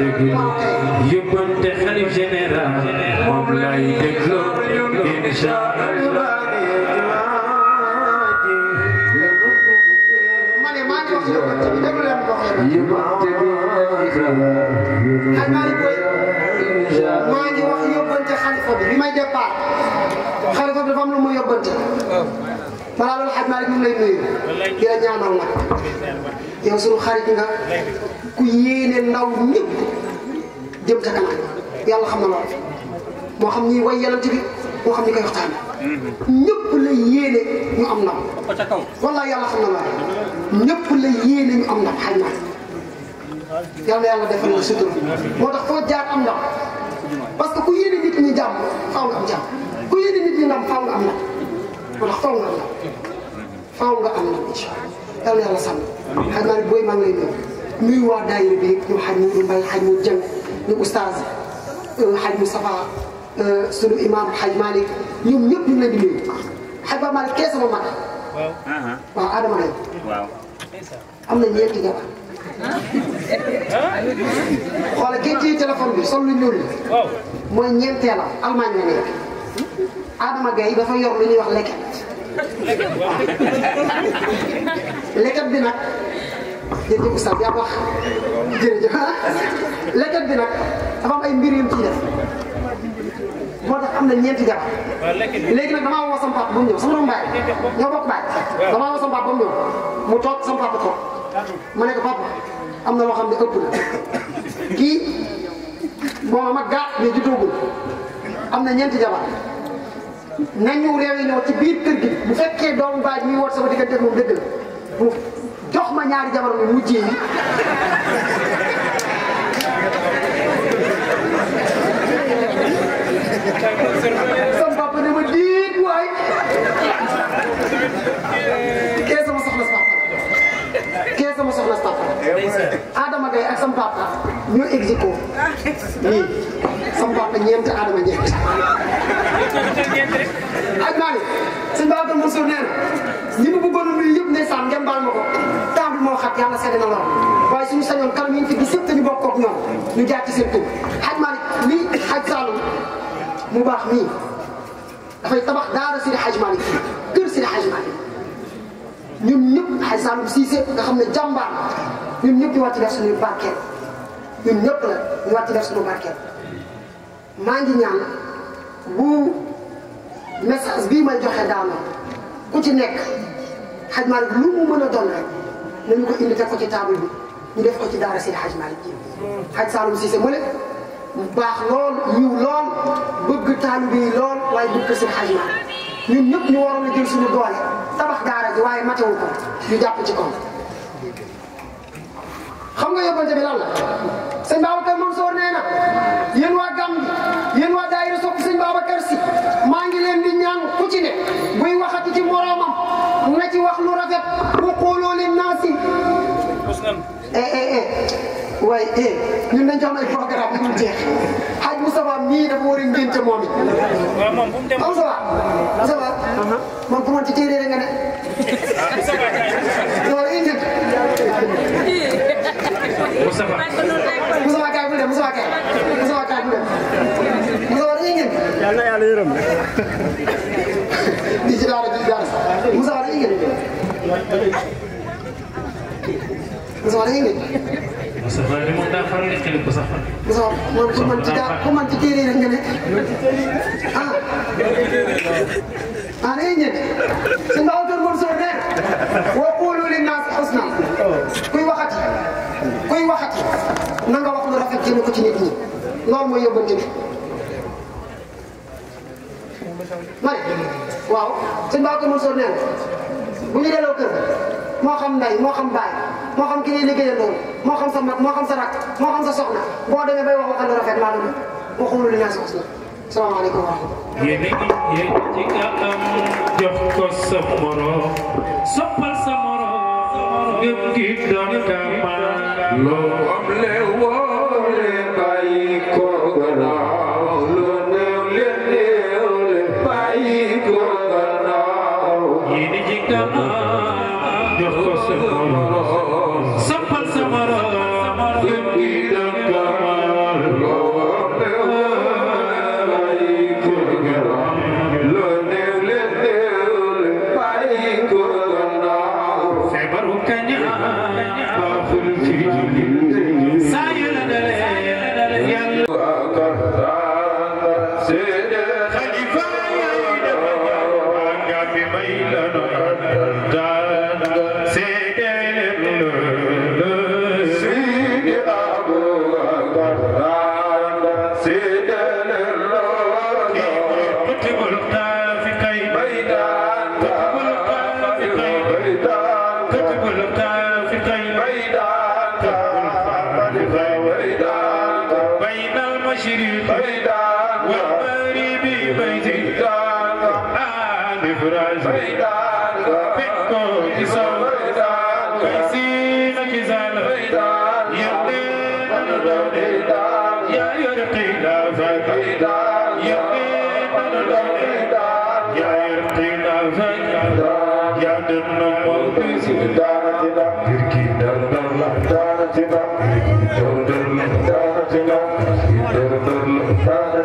déglu yóbbante xalif général moom lay déglu incha allah yóbbante bi maa ngi wax yóbbante xalifa bi li may départ xalifa bi dafa am lu mu yóbbante balaa loolu xaj naa rek ñu ngi lay nuyu di la ñaanal nag yow sunu xarit nga ku yéene ndaw ñëpp jëm ca kanam yàlla xam na lool moo xam ñi way yalante bi moo xam ñi koy waxtaan ñëpp la yéene ñu am ndam walla yàlla xam na lool ñëpp la yéene ñu am ndam xaj na yàlla yàlla defal na sutura moo tax foo jaar am ndam parce que ku yéene nit ñi jàmm faaw nga am jàmm ku yéene nit ñi ndam faaw nga am ndam moo tax faaw nga am ndam faaw nga am ndam incha allah yàlla yàlla sàmm xaj naa ne booy maa ngi lay nuyu nuyu waa daayira bi yëpp ñu xaj mu mbay xaj mu jëng ñu oustaz xaj euh, mu safa euh, sunu imam xaj malik ñoom ñëpp ñu leen di nuyu xaj ba malik kee sama mag waaw adama lañ am na ñeenti jabar xoola kii ci téléphone bi sol lu ñuul mooy ñeenteelam Allemagne la nekk Adama Gaye dafa yor lu ñuy wax leket waaw leket bi nag jërëjëf oustaz yaa wax jërëjëf lekkat bi nag dafa ay mbir yu mu ciy def am na ñeenti garab léegi nag damaa woo sama papa ba mu ñëw sama doom baay ñoo bokk baay damaa woo sama papa ba mu ñëw mu toog sama papa toog ma ne ko papa am na loo xam ne ëpp na kii moom mag gaa mais juddoogul am na ñeenti jabar nañ ñu réew yi ñëw ci biir kër gi bu fekkee doomu baay ñuy woot sama diggante moom dëgg la jox ma ñaari jabar mu mujj yi sama papa ne ma diit waay kee sama soxna sa papa kee sama soxna sa papa eh, Adama Gaye ak sama papa ñoo exiko nii sama papa ñeenti Adama ñeenti. ak maa ngi sëñ Babacar Moussa nee na ñi ma bëggoon a nuyu yëpp ndeysaan ngeen baal ma ko temps bi moo xat yàlla sedd na lool waaye suñu sañoon kanam yi ñu fi gis yëpp te ñu bokk ak ñoom ñu jaar ci seen tur. xaj maa ngi lii xaj Saalum mu baax nii dafay tabax daara Sidi Xaj Malick kër Sidi Xaj Malick ñun ñëpp xaj Saalum Cissé nga xam ne jàmbaar ñun ñëpp ñu war ci def suñu barkeel ñun ñëpp la ñu war ci def suñu barkeel. maa ngi ñaan bu message bii may joxe daanoo ku ci nekk Hadj Malick lu mu mën a doon rek nañu ko indi teg ko ci table bi ñu def ko ci daara seen Hadj Malick ji Hadj Saloum Cissé mu le baax lool yiw lool bëgg taalibe yi lool waaye bëgg seen Hadj Malick ñun ñëpp ñu waroon a jël suñu doole tabax daara ji waaye matewul ko ñu jàpp ci kaw xam nga yóbbante bi lan la sëñ Babacar Mansour nee yéen waa Gàmbi yéen waa daayira sopp sëñ Babacar si maa ngi leen di ñaan ku ci ne buy waxati ci moroomam na ci wax lu rafet bu xooloo leen naa si. Eh, eh, eh, waaye eh ñun dañu jox ay programme ñu jeex xaj Moustapha mii dafa war a ah, ne. Ah, Mustafa. Mustafa kaay mu dem Mustafa kaay. Mustafa kaay mu dem. Mustafa dañuy ngeen. yal na yàlla yërëm. di ci daara di daara Mustafa dañuy ngeen. Mustafa dañuy ngeen. Mustafa li moom daa faral di xel Mustafa. Mustafa moom ku man ci daa ku man ci téere rek nga ne. ah. ah dañuy ngeen. su ma autour Mansour ne. wa qulu linnaasi husna. kuy waxati. kuy waxati na nga wax lu rafet jëme ko ci nit ñi loolu mooy yóbbante bi ma ne waaw sëñ Ba ko mën soo neen bu ñu delloo kër moo xam ndey moo xam baay moo xam ki ñuy liggéeyandoo moo xam sa moo xam sa moo xam sa soxna boo demee bay wax waxal lu rafet maa dugg ma xamul li naa soxna salaamaaleykum wa rahmatulah. yéen a ngi yéen ci kanam jox ko sa morom soppal sa morom Lo amle wo le bai ko gana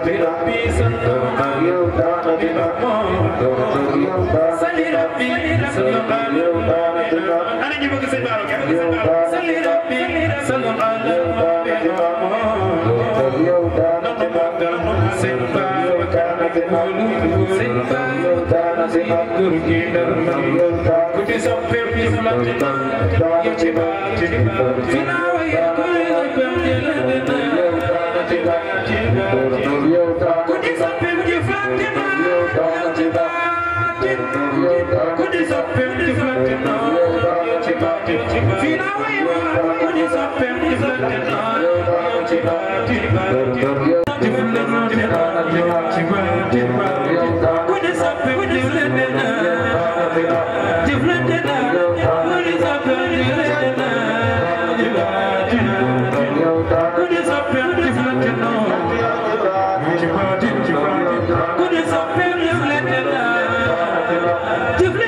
بربي صدق يودان بربي صلي ربي صدق يودان بربي أنا جيبك سبارك صلي ربي صدق يودان بربي سبارك سبارك سبارك كنت سبب في صلاة الله يجب أن تجب أن تجب أن تجب أن تجب Different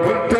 Put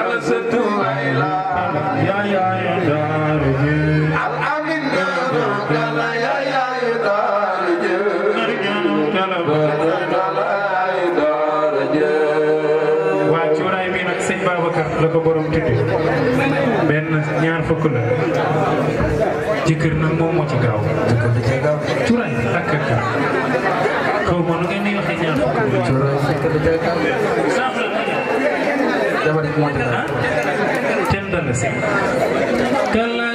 la ko borom tudde benn ñaar fukk la jëkkër nag moom moo ci gaaw cuuraay ak kaka kaw ma nu ngeen di waxee ñaar fukk la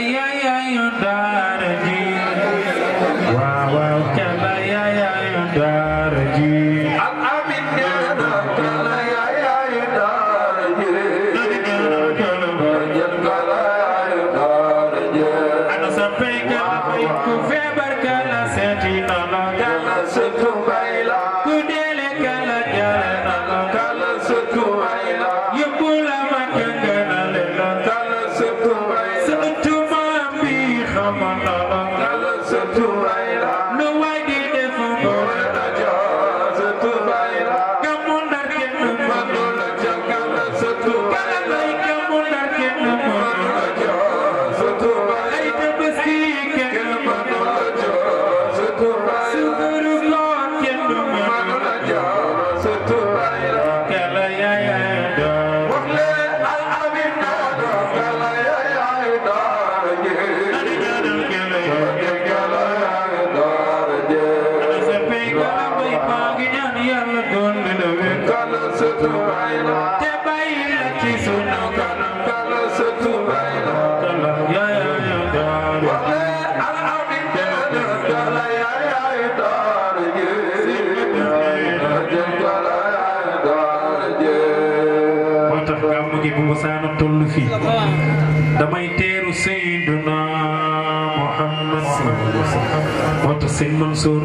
sëñ Mansour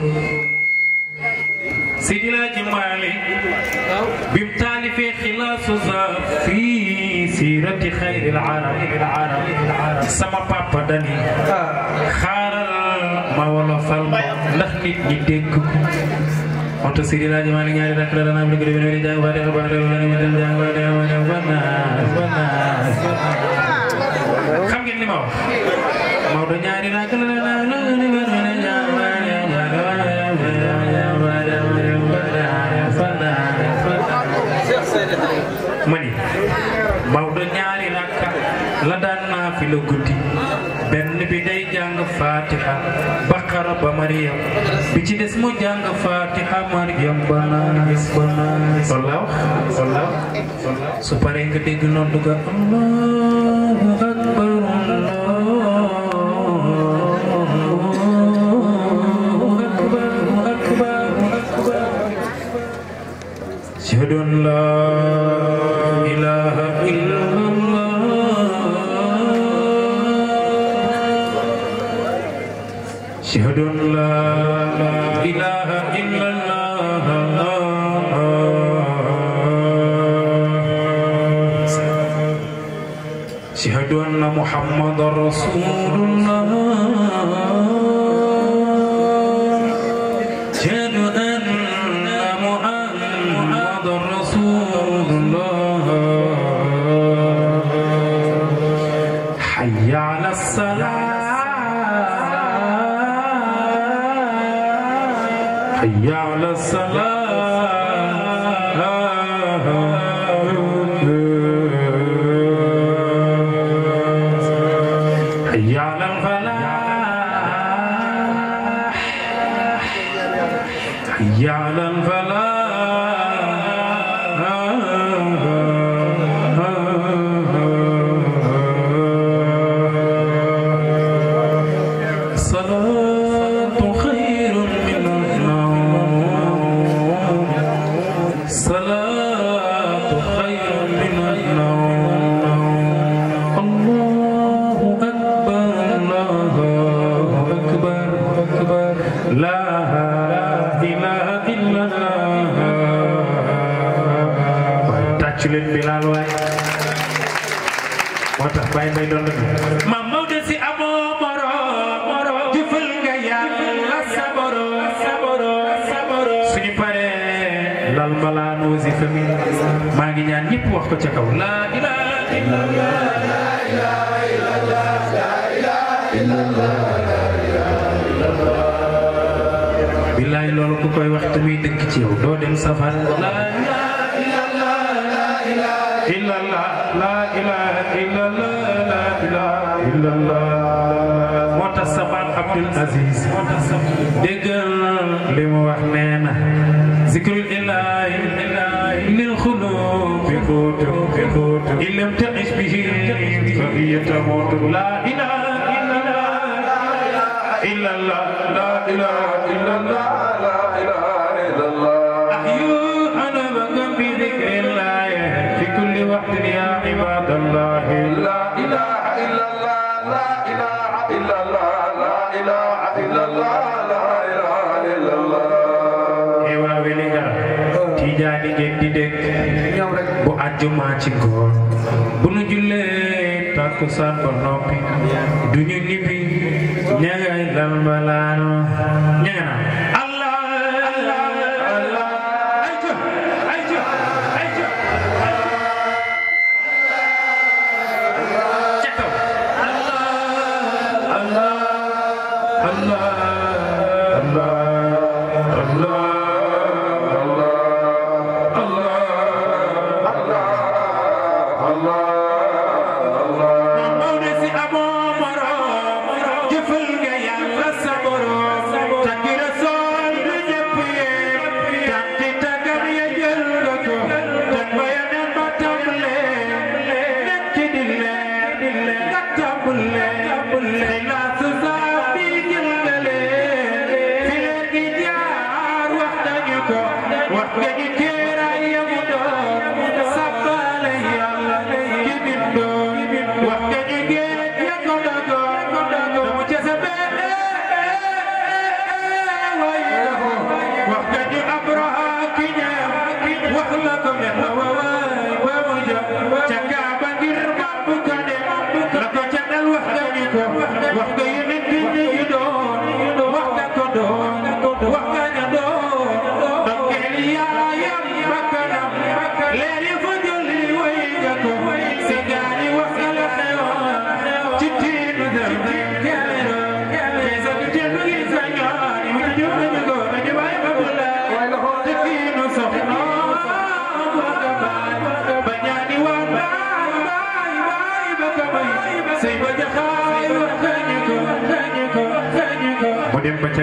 sëñ Laaji Maalik bim al arab sama papa dani xaaral ma wolofal ma ndax nit ñi dégg onto sidi la jama ni ngari dakra dana bi ba dal wëri ma jang bare ma dal bana bana xam ngeen li ma wax la la guddi benn bi day jàng fatiha baqara ba mariam bi ci des mu jàng fatiha mariam banaas banaas sollaw sollaw su paree nga dégg noonu duga allah aziz déggal na li mu wax nee na zikrul ilaahi lil xuluub bi àjjuma ci góor bu nu jullee takkusaan ba noppi duñu ñibbi ña ngay lal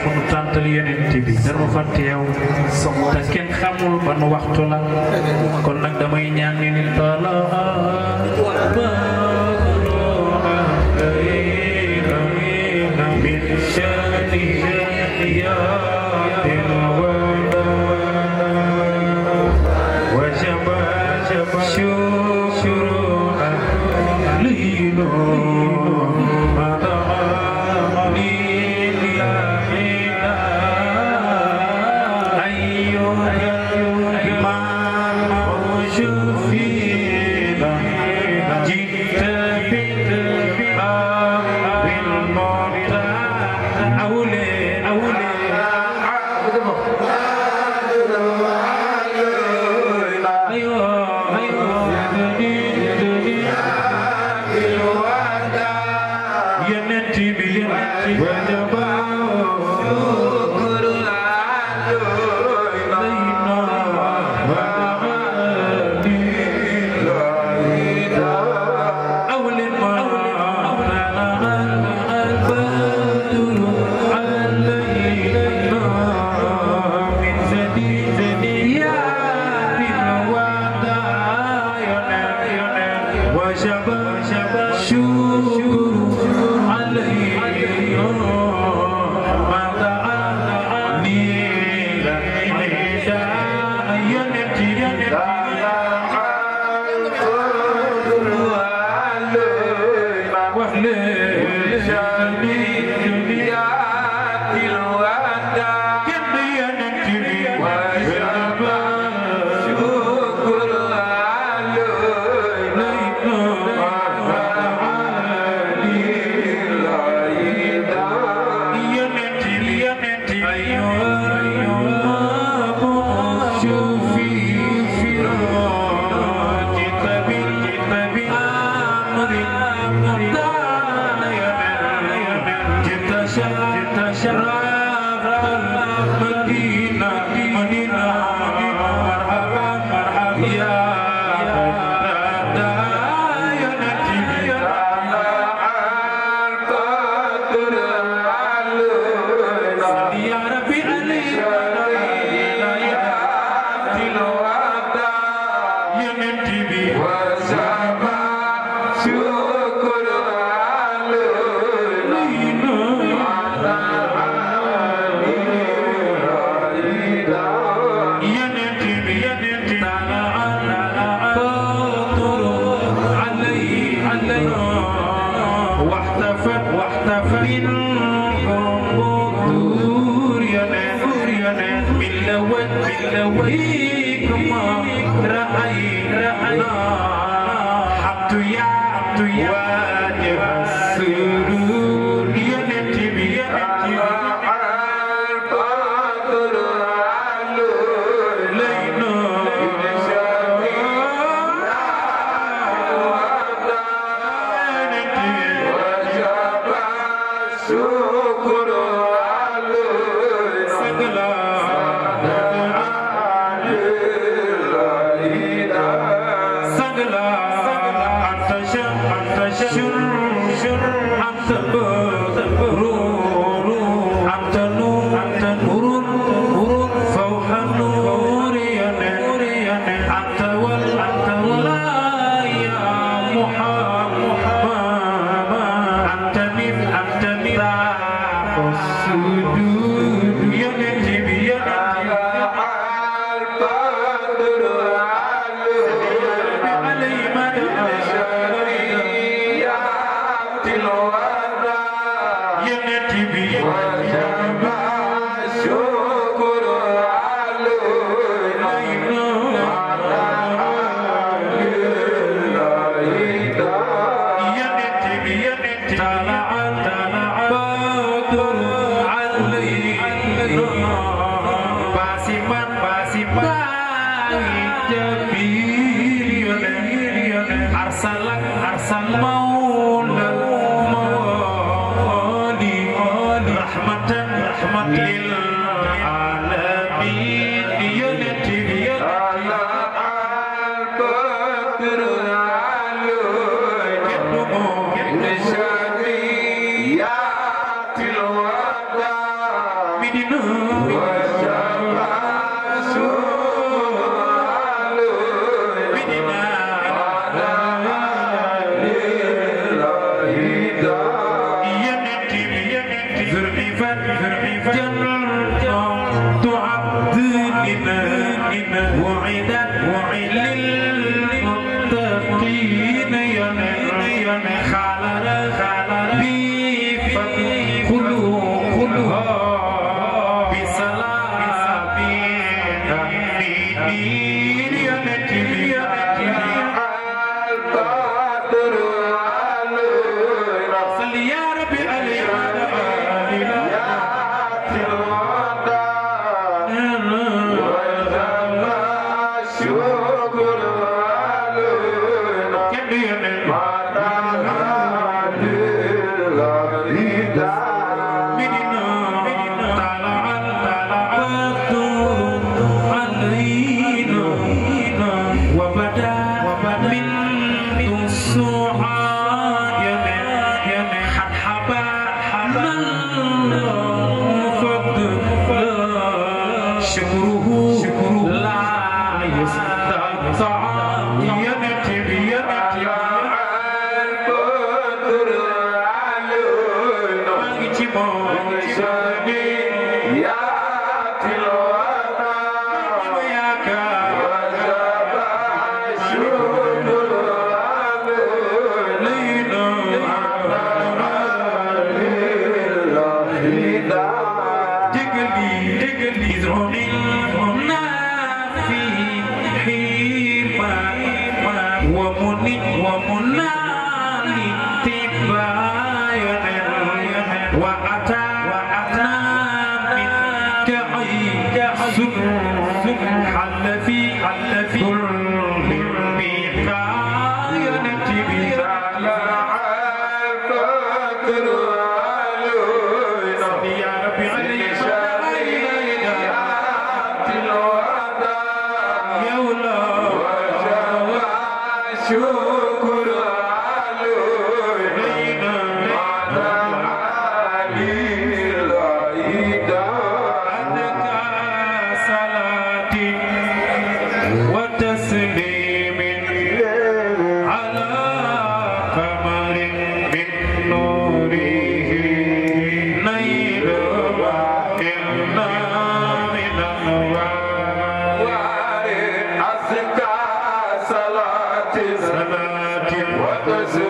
fu nu tantal yonent bi dara fa teew ta ken xamul ban waxtu la kon nak damay ñaan ni ya ya سمات وتسليم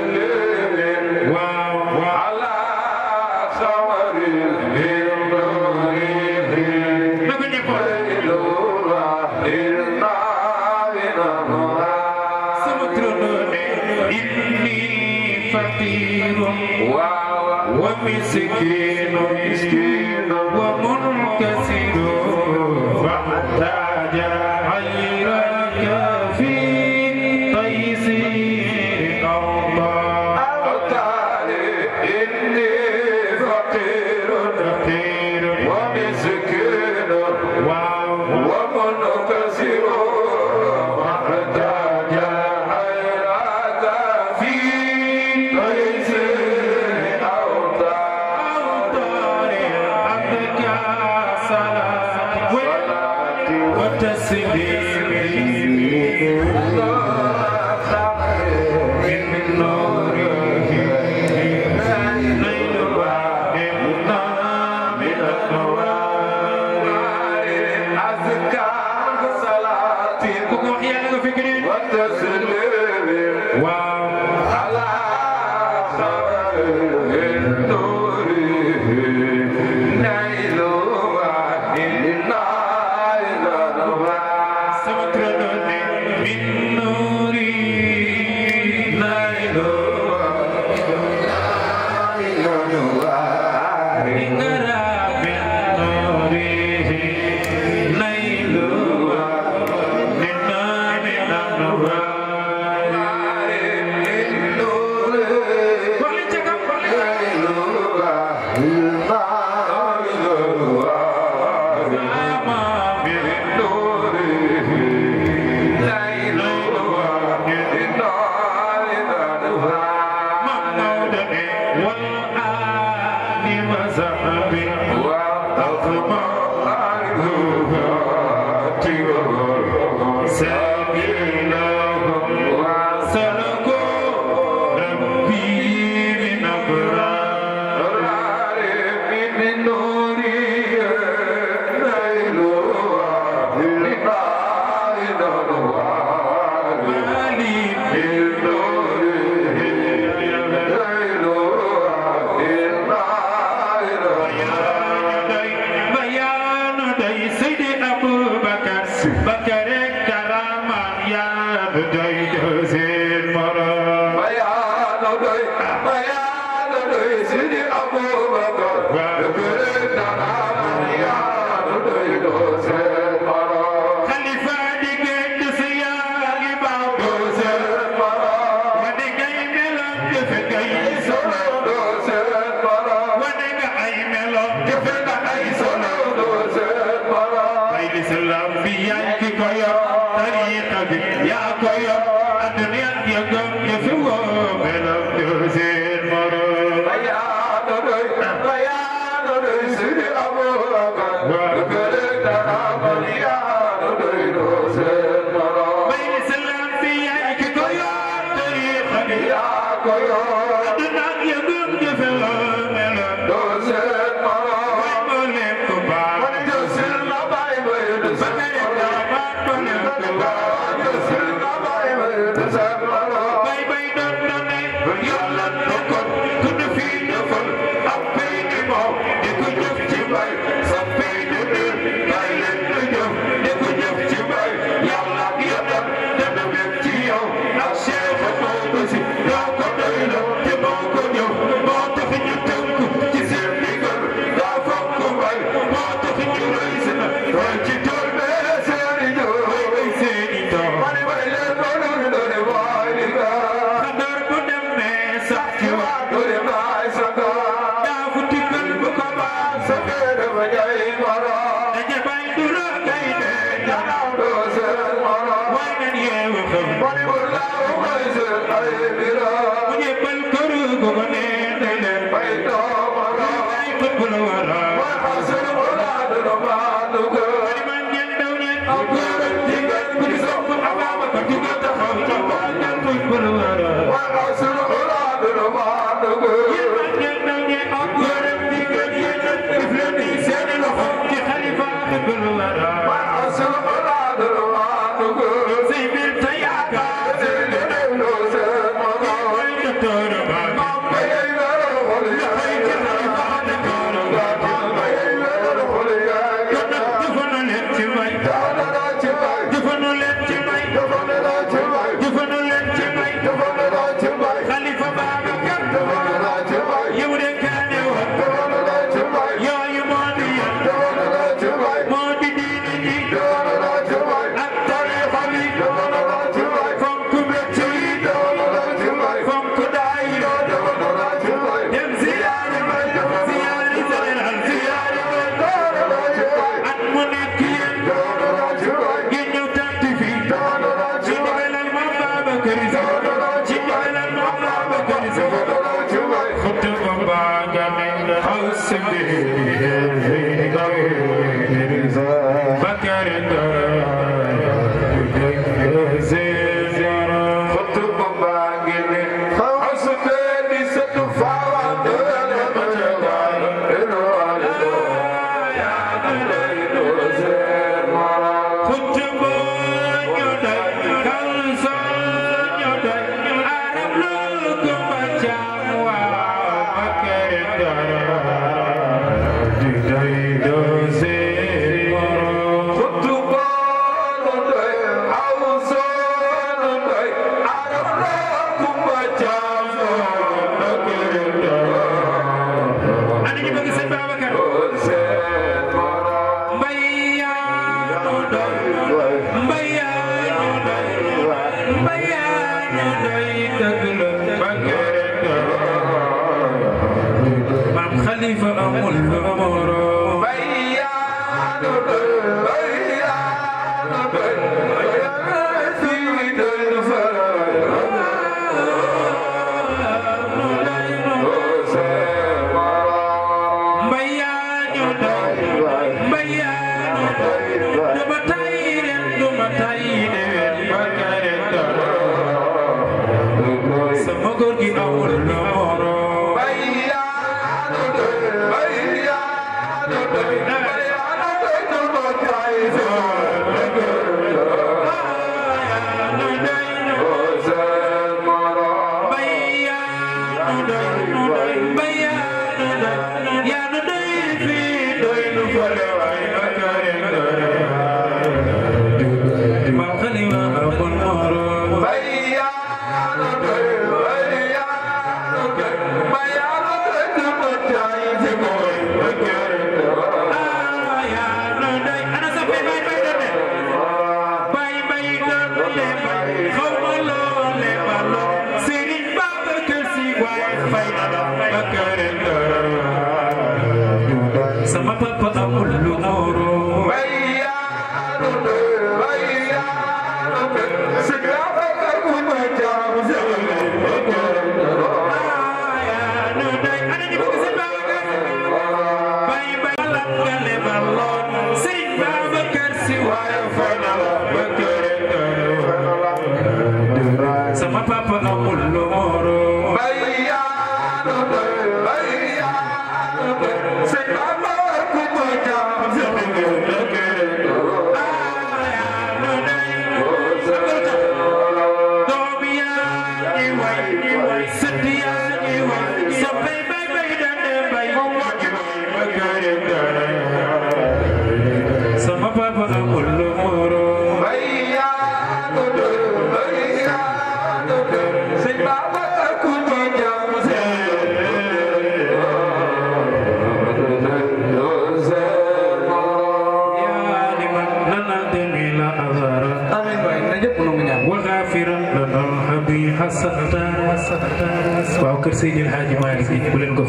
waaw kër Seydil Hadji Malick bi bu leen ko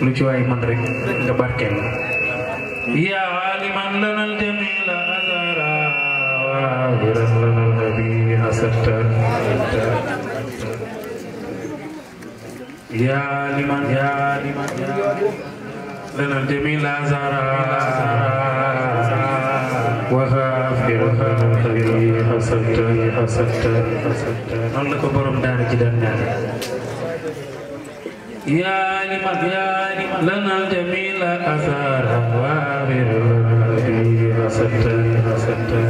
lu ci waay man rek nga barkeel ya aliman lana aljamila lana alhabibi asarta ya aliman aaxirata xarit xasata xasata xasata noonu la ko borom daara ji daan ñaan yaa ni mag yaa ni mag lanal jamila asara waabir xasata xasata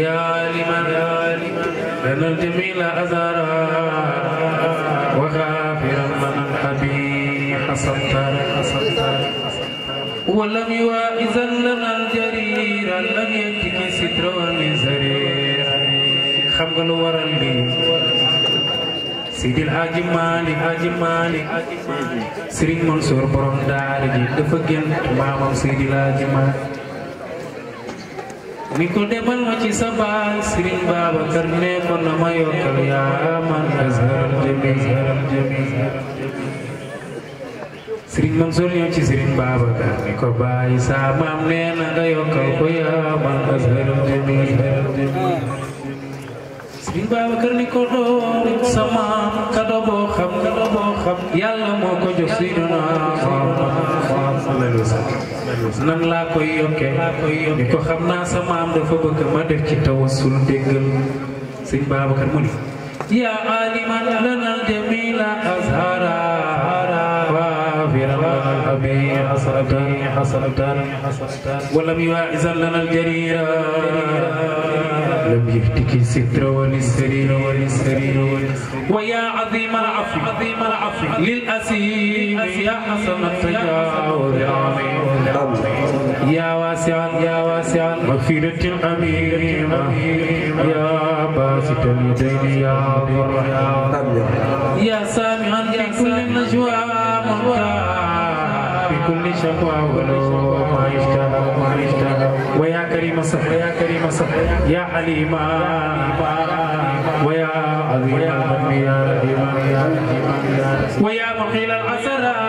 yaa ni mag yaa ni mag lanal jamila asara waxaafiran lanal xabi xasata xasata ولم يواعظا لنا الجريرا لم يكتك سترا من سرير xam nga lu waral lii Seydi El Hadji Malick Hadji Malick Serigne Mansour borom dafa gént maamam Seydi El Hadji Malick ni ko demal ma ci sa baay Serigne Babacar ne ko na ma yokkal yaa sëriñ Mansour ñëw ci sëriñ Babacar ni ko bàyyi saa maam nee na nga yokkal ko yaa man azharal jamil sëriñ Babacar ni laa koy yokke ni ko xam naa sama am dafa bëgg ma def ci tawassul déggal sëriñ Babacar mu ni yaa aliman lana jamila azhar به حسرة حسرة ولم يعز لنا الجريرة لم يفتك ستر وللسرير وللسرير ويا عظيم العفو عظيم العفو للأسير يا حسن التجاور عظيم يا واسعا يا واسعا مغفرة الأمير يا باسط اليدين يا ضر يا سامعا في كل نجوى مختار ويا كريم صح ويا كريم صح يا عليم ويا عظيم يا رحيم ويا مقيل العسرات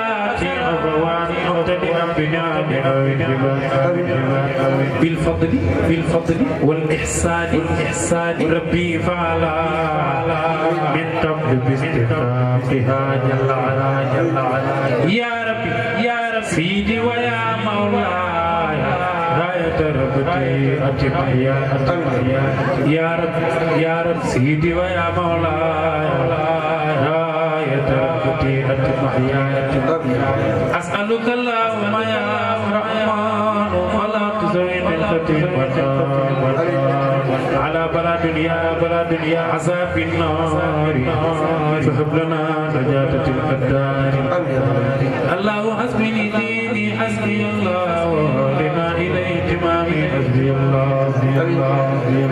بالفضل بالفضل والإحسان الإحسان ربي فعلا من قبل باستفاقها جل على جل على يا رب عبدي أتبع يا أتبع يا رب يا رب سيدي ويا مولاي يا ربتي أتبع يا أتبع أسألك اللهم يا رحمن ولا تزين الخطيبة على بلا دنيا بلا دنيا عذاب النار فهب لنا نجاة القدار الله حسبني ديني حسبي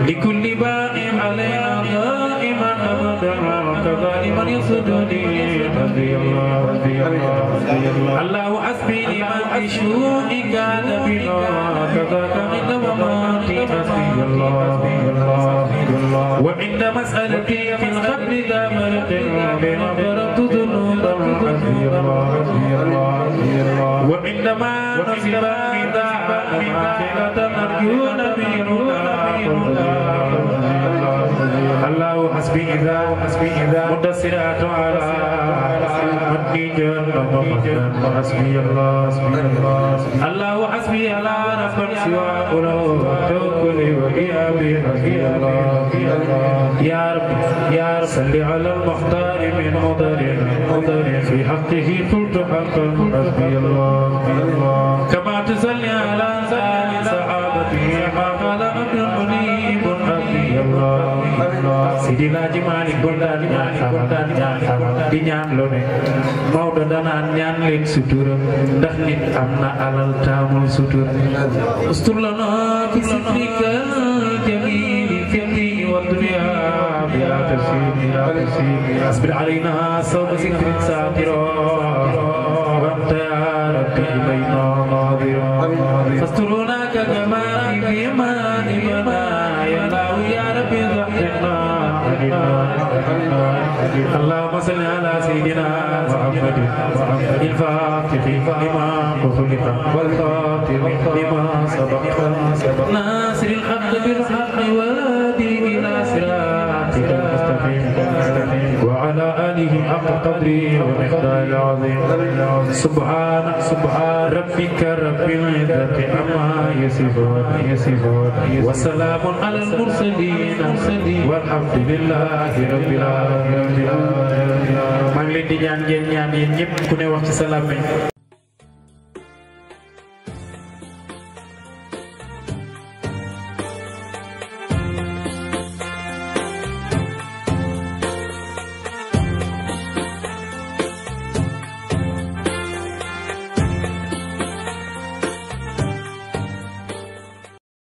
لكل باء علينا قائما ابدا وكذا لمن يصدني الله حسبي لمن بشوقك نبغاك ذاك عند مماتي حسبي الله وعند مسألتي في القبر ذا ملك غفرت ذنوب حسبي الله وعندما نصب ذا الآخرة نرجو نبينا الله حسبي إذا حسبي إذا مدسرات على مدي جل حسبي الله حسبي الله الله حسبي على نفس سوى قلوب توكلي وإيابي حسبي الله يا رب يا رب صل على المختار من مضر مضر في حقه قلت حقا حسبي الله كما تزل dilaji mani goldaji mani goldaji mani di ñaan danaan nit amna alal taamul ustur lana fi sitrika wa dunya bi atashimi atashimi asbir alayna sawma sitrin satira وانت يا ربي بين اللهم صل على سيدنا محمد محمد الفاتح لما خلق والخاتم لما سبق ناصر الحق بالحق والحق وعلى آله حق قدره ومقدار العظيم سبحان سبحان ربك رب العزة عما يصفون يصفون وسلام على المرسلين والحمد لله رب العالمين maa ngi leen di ñaan ngeen ñaan yéen ñëpp